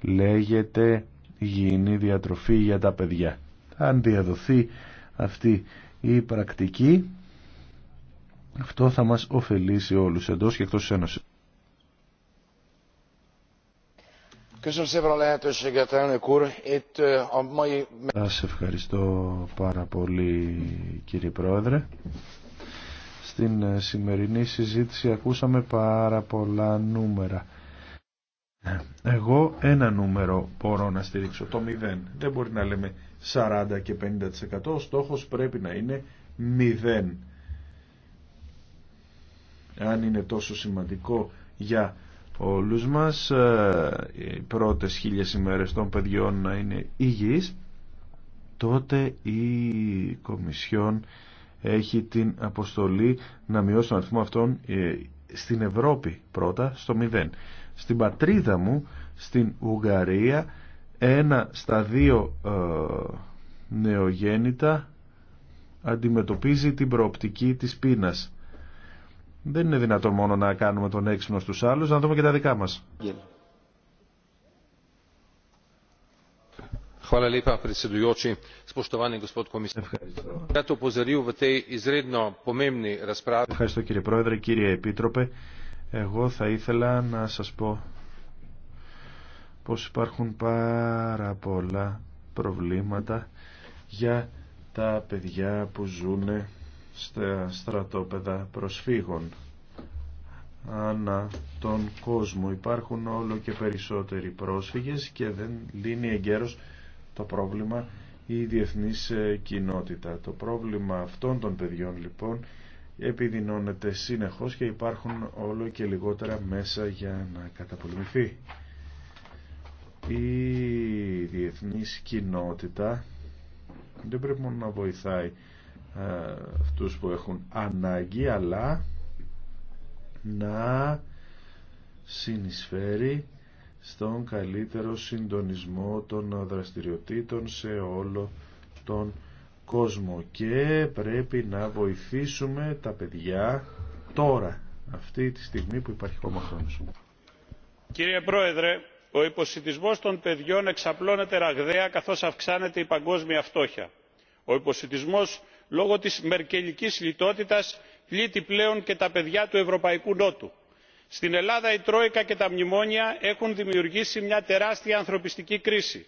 λέγεται Υγιεινή Διατροφή για τα Παιδιά. Αν διαδοθεί αυτή η πρακτική αυτό θα μας ωφελήσει όλους εντός και εκτός της Ένωσης. Σας ευχαριστώ πάρα πολύ κύριε Πρόεδρε. Στην ε, σημερινή συζήτηση ακούσαμε πάρα πολλά νούμερα. Εγώ ένα νούμερο μπορώ να στηρίξω, το 0. Δεν μπορεί να λέμε 40 και 50%. Ο στόχος πρέπει να είναι 0. Αν είναι τόσο σημαντικό για όλους μας ε, οι πρώτες χίλιες ημέρες των παιδιών να είναι υγιείς τότε η Κομισιόν έχει την αποστολή να μειώσει τον αριθμό αυτών ε, στην Ευρώπη πρώτα στο μηδέν. Στην πατρίδα μου, στην Ουγγαρία, ένα στα δύο ε, νεογέννητα αντιμετωπίζει την προοπτική της πείνας. Δεν είναι δυνατόν μόνο να κάνουμε τον έξυπνο στους άλλους, να δούμε και τα δικά μας. Ευχαριστώ κύριε Πρόεδρε, κύριε Επίτροπε. Εγώ θα ήθελα να σας πω πως υπάρχουν πάρα πολλά προβλήματα για τα παιδιά που ζουν στα στρατόπεδα προσφύγων. Ανά τον κόσμο υπάρχουν όλο και περισσότεροι πρόσφυγες και δεν λύνει εγκαίρως το πρόβλημα η διεθνής ε, κοινότητα. Το πρόβλημα αυτών των παιδιών λοιπόν επιδεινώνεται συνεχώς και υπάρχουν όλο και λιγότερα μέσα για να καταπολεμηθεί. Η διεθνής κοινότητα δεν πρέπει μόνο να βοηθάει ε, αυτούς που έχουν ανάγκη αλλά να συνεισφέρει στον καλύτερο συντονισμό των δραστηριοτήτων σε όλο τον κόσμο και πρέπει να βοηθήσουμε τα παιδιά τώρα αυτή τη στιγμή που υπάρχει ακόμα χρόνος. Κύριε Πρόεδρε, ο υποσυτισμός των παιδιών εξαπλώνεται ραγδαία καθώς αυξάνεται η παγκόσμια φτώχεια. Ο υποσυτισμός λόγω της μερκελικής λιτότητας πλήττει πλέον και τα παιδιά του ευρωπαϊκού νότου. στην ελλάδα η τρόικα και τα μνημόνια έχουν δημιουργήσει μια τεράστια ανθρωπιστική κρίση.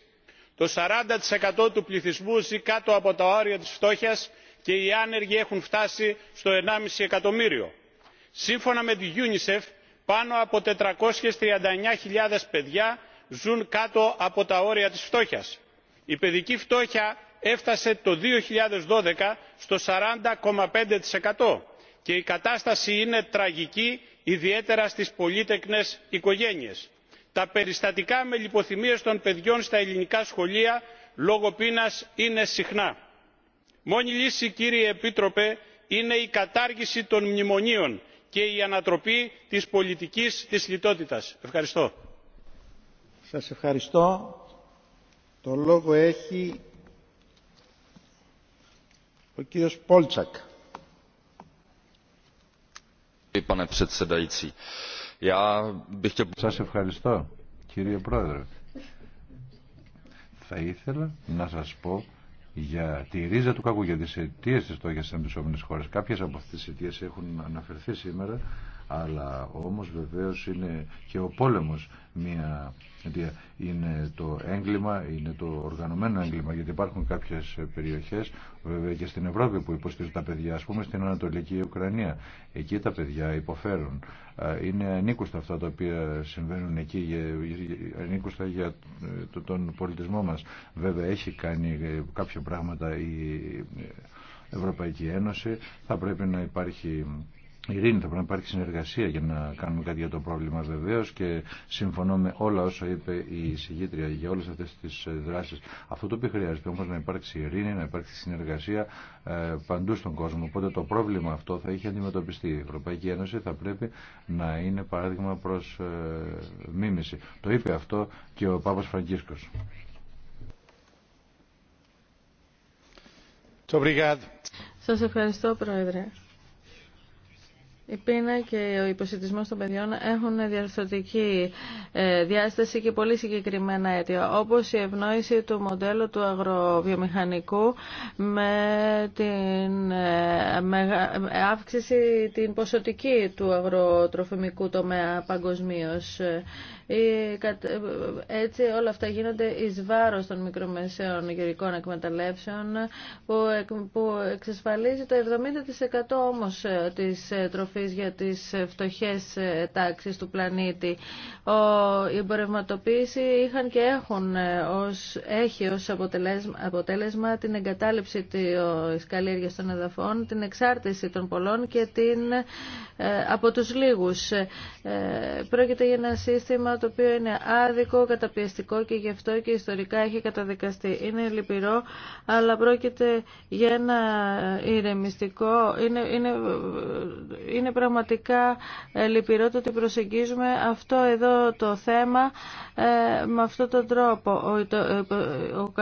το 40 του πληθυσμού ζει κάτω από τα όρια της φτώχειας και οι άνεργοι έχουν φτάσει στο 1,5 εκατομμύριο. σύμφωνα με τη unicef πάνω από 439.000 παιδιά ζουν κάτω από τα όρια της φτώχειας. η παιδική φτώχεια έφτασε το 2012 στο 40,5% και η κατάσταση είναι τραγική ιδιαίτερα στις πολύτεκνες οικογένειες. Τα περιστατικά με λιποθυμίες των παιδιών στα ελληνικά σχολεία λόγω πείνας είναι συχνά. Μόνη λύση κύριε Επίτροπε είναι η κατάργηση των μνημονίων και η ανατροπή της πολιτικής της λιτότητας. Ευχαριστώ. Σα Σας ευχαριστώ κύριε Πρόεδρε. Θα ήθελα να σας πω για τη ρίζα του κακού, για τις αιτίες της στόχιας στις εμπισόμενες χώρες. Κάποιες από αυτές τις αιτίες έχουν αναφερθεί σήμερα αλλά όμως βεβαίως είναι και ο πόλεμος μια είναι το έγκλημα, είναι το οργανωμένο έγκλημα γιατί υπάρχουν κάποιες περιοχές βέβαια και στην Ευρώπη που υποστηρίζουν τα παιδιά ας πούμε στην Ανατολική Ουκρανία εκεί τα παιδιά υποφέρουν είναι ανήκουστα αυτά τα οποία συμβαίνουν εκεί ανήκουστα για ε, τον πολιτισμό μας βέβαια έχει κάνει ε, κάποια πράγματα η ε, Ευρωπαϊκή Ένωση θα πρέπει να υπάρχει ειρήνη, θα πρέπει να υπάρχει συνεργασία για να κάνουμε κάτι για το πρόβλημα βεβαίω και συμφωνώ με όλα όσα είπε η συγγήτρια για όλε αυτέ τι ε, δράσει. Αυτό το οποίο χρειάζεται όμω να υπάρξει ειρήνη, να υπάρξει συνεργασία ε, παντού στον κόσμο. Οπότε το πρόβλημα αυτό θα είχε αντιμετωπιστεί. Η Ευρωπαϊκή Ένωση θα πρέπει να είναι παράδειγμα προ ε, μίμηση. Το είπε αυτό και ο Πάπα Φραγκίσκο. Σας ευχαριστώ, Πρόεδρε. Η πείνα και ο υποσυντισμός των παιδιών έχουν διαρθρωτική ε, διάσταση και πολύ συγκεκριμένα αίτια, όπως η ευνόηση του μοντέλου του αγροβιομηχανικού με την ε, ε, αύξηση την ποσοτική του αγροτροφημικού τομέα παγκοσμίω. Έτσι όλα αυτά γίνονται εις βάρος των μικρομεσαίων γεωρικών εκμεταλλεύσεων που εξασφαλίζει το 70% όμως ε, της ε, τροφής για τις ε, φτωχές τάξεις του πλανήτη. Η εμπορευματοποίηση είχαν και έχουν ως, έχει ως αποτέλεσμα, την εγκατάλειψη της καλλιέργειας των εδαφών, την εξάρτηση των πολλών και την, από τους λίγους. Πρόκειται για ένα σύστημα το οποίο είναι άδικο, καταπιεστικό και γι' αυτό και ιστορικά έχει καταδικαστεί. Είναι λυπηρό, αλλά πρόκειται για ένα ηρεμιστικό, είναι, είναι, είναι πραγματικά ε, λυπηρό το ότι προσεγγίζουμε αυτό εδώ το θέμα ε, με αυτόν τον τρόπο. Ο,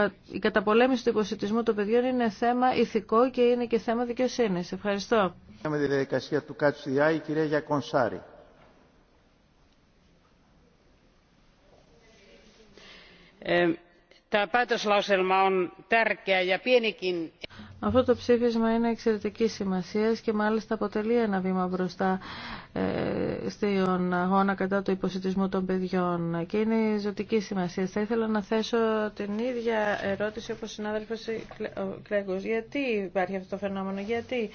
ε, η καταπολέμηση του υποσυτισμού των παιδιών είναι θέμα ηθικό και είναι και θέμα δικαιοσύνη. Ευχαριστώ. Με τη διαδικασία του Κάτσου κυρία Γιακονσάρη. tämä päätöslauselma on tärkeä ja pienikin αυτό το ψήφισμα είναι εξαιρετική σημασία και μάλιστα αποτελεί ένα βήμα μπροστά ε, στον αγώνα κατά του υποσυτισμού των παιδιών και είναι ζωτική σημασία. Θα ήθελα να θέσω την ίδια ερώτηση όπως ο συνάδελφος Κλέγκος. Γιατί υπάρχει αυτό το φαινόμενο, γιατί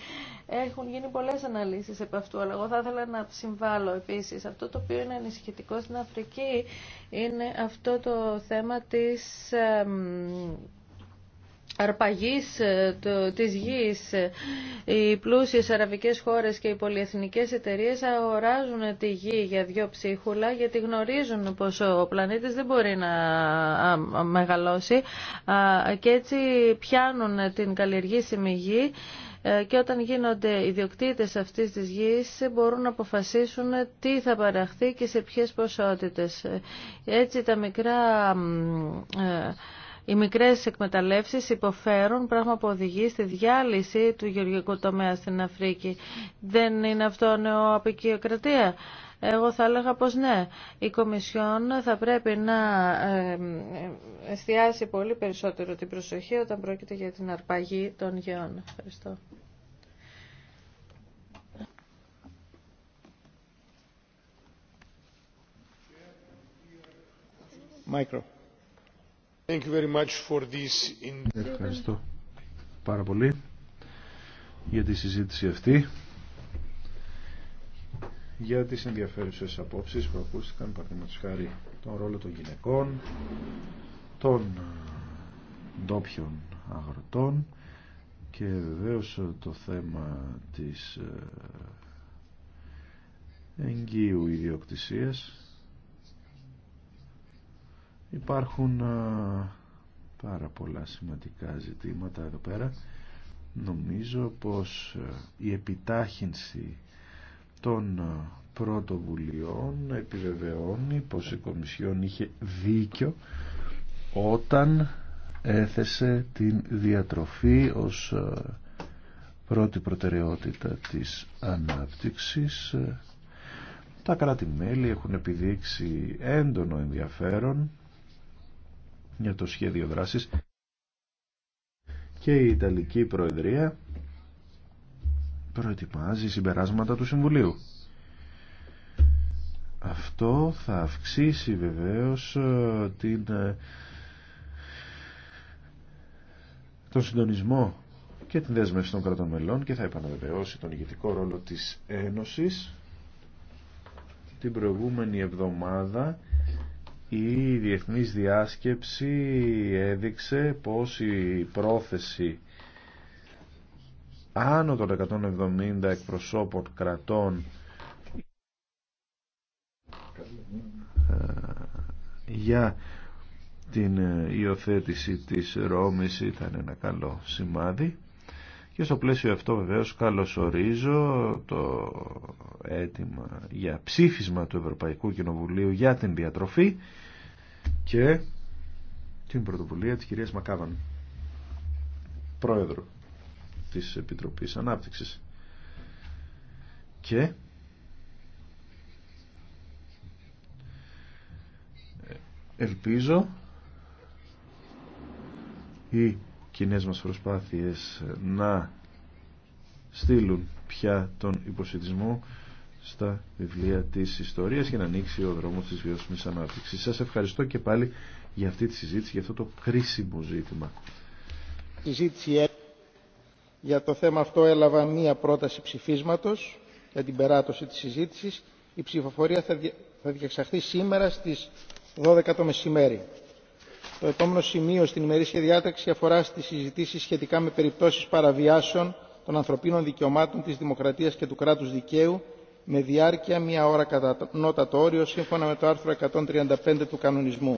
έχουν γίνει πολλές αναλύσεις επ' αυτού, αλλά εγώ θα ήθελα να συμβάλλω επίσης. Αυτό το οποίο είναι ανησυχητικό στην Αφρική είναι αυτό το θέμα της αρπαγής ε, της γης οι πλούσιες αραβικές χώρες και οι πολυεθνικές εταιρείες αγοράζουν τη γη για δυο ψίχουλα γιατί γνωρίζουν πως ο πλανήτης δεν μπορεί να μεγαλώσει και έτσι πιάνουν την καλλιεργήσιμη γη ε, και όταν γίνονται ιδιοκτήτες αυτής της γης μπορούν να αποφασίσουν τι θα παραχθεί και σε ποιες ποσότητες. Έτσι τα μικρά ε, οι μικρές εκμεταλλεύσεις υποφέρουν, πράγμα που οδηγεί στη διάλυση του γεωργικού τομέα στην Αφρική. Δεν είναι αυτό νεοαπικιοκρατία. Εγώ θα έλεγα πως ναι, η Κομισιόν θα πρέπει να εστιάσει πολύ περισσότερο την προσοχή όταν πρόκειται για την αρπαγή των γεών. Ευχαριστώ. Μάικρο. Ευχαριστώ πάρα πολύ για τη συζήτηση αυτή για τις ενδιαφέρουσες απόψεις που ακούστηκαν παραδείγματος χάρη τον ρόλο των γυναικών των ε, ντόπιων αγροτών και βεβαίως το θέμα της ε, εγγύου ιδιοκτησίας Υπάρχουν ε, πάρα πολλά σημαντικά ζητήματα εδώ πέρα. Νομίζω πως ε, η επιτάχυνση των ε, πρωτοβουλειών επιβεβαιώνει πως η Κομισιόν είχε δίκιο όταν έθεσε την διατροφή ως πρώτη προτεραιότητα της ανάπτυξης. Τα κράτη-μέλη έχουν επιδείξει έντονο ενδιαφέρον για το σχέδιο δράσης και η Ιταλική Προεδρία προετοιμάζει συμπεράσματα του Συμβουλίου. Αυτό θα αυξήσει βεβαίως ε, την, ε, τον συντονισμό και την δέσμευση των κρατών μελών και θα επαναβεβαιώσει τον ηγετικό ρόλο της Ένωσης την προηγούμενη εβδομάδα η διεθνής διάσκεψη έδειξε πως η πρόθεση άνω των 170 εκπροσώπων κρατών ε, για την ε, υιοθέτηση της Ρώμης ήταν ένα καλό σημάδι και στο πλαίσιο αυτό βεβαίως καλωσορίζω το αίτημα για ψήφισμα του Ευρωπαϊκού Κοινοβουλίου για την διατροφή και την πρωτοβουλία της κυρίας Μακάβαν, πρόεδρο της Επιτροπής Ανάπτυξης. Και ελπίζω οι κοινέ μας προσπάθειες να στείλουν πια τον υποσυντισμό στα βιβλία της ιστορίας για να ανοίξει ο δρόμος της βιώσιμης ανάπτυξης. Σας ευχαριστώ και πάλι για αυτή τη συζήτηση, για αυτό το κρίσιμο ζήτημα. Η συζήτηση για το θέμα αυτό έλαβα μία πρόταση ψηφίσματος για την περάτωση της συζήτησης. Η ψηφοφορία θα, δια... θα διεξαχθεί σήμερα στις 12 το μεσημέρι. Το επόμενο σημείο στην ημερήσια διάταξη αφορά στις συζητήσεις σχετικά με περιπτώσεις παραβιάσεων των ανθρωπίνων δικαιωμάτων της δημοκρατίας και του κράτους δικαίου με διάρκεια μία ώρα κατά νότατο όριο σύμφωνα με το άρθρο 135 του κανονισμού.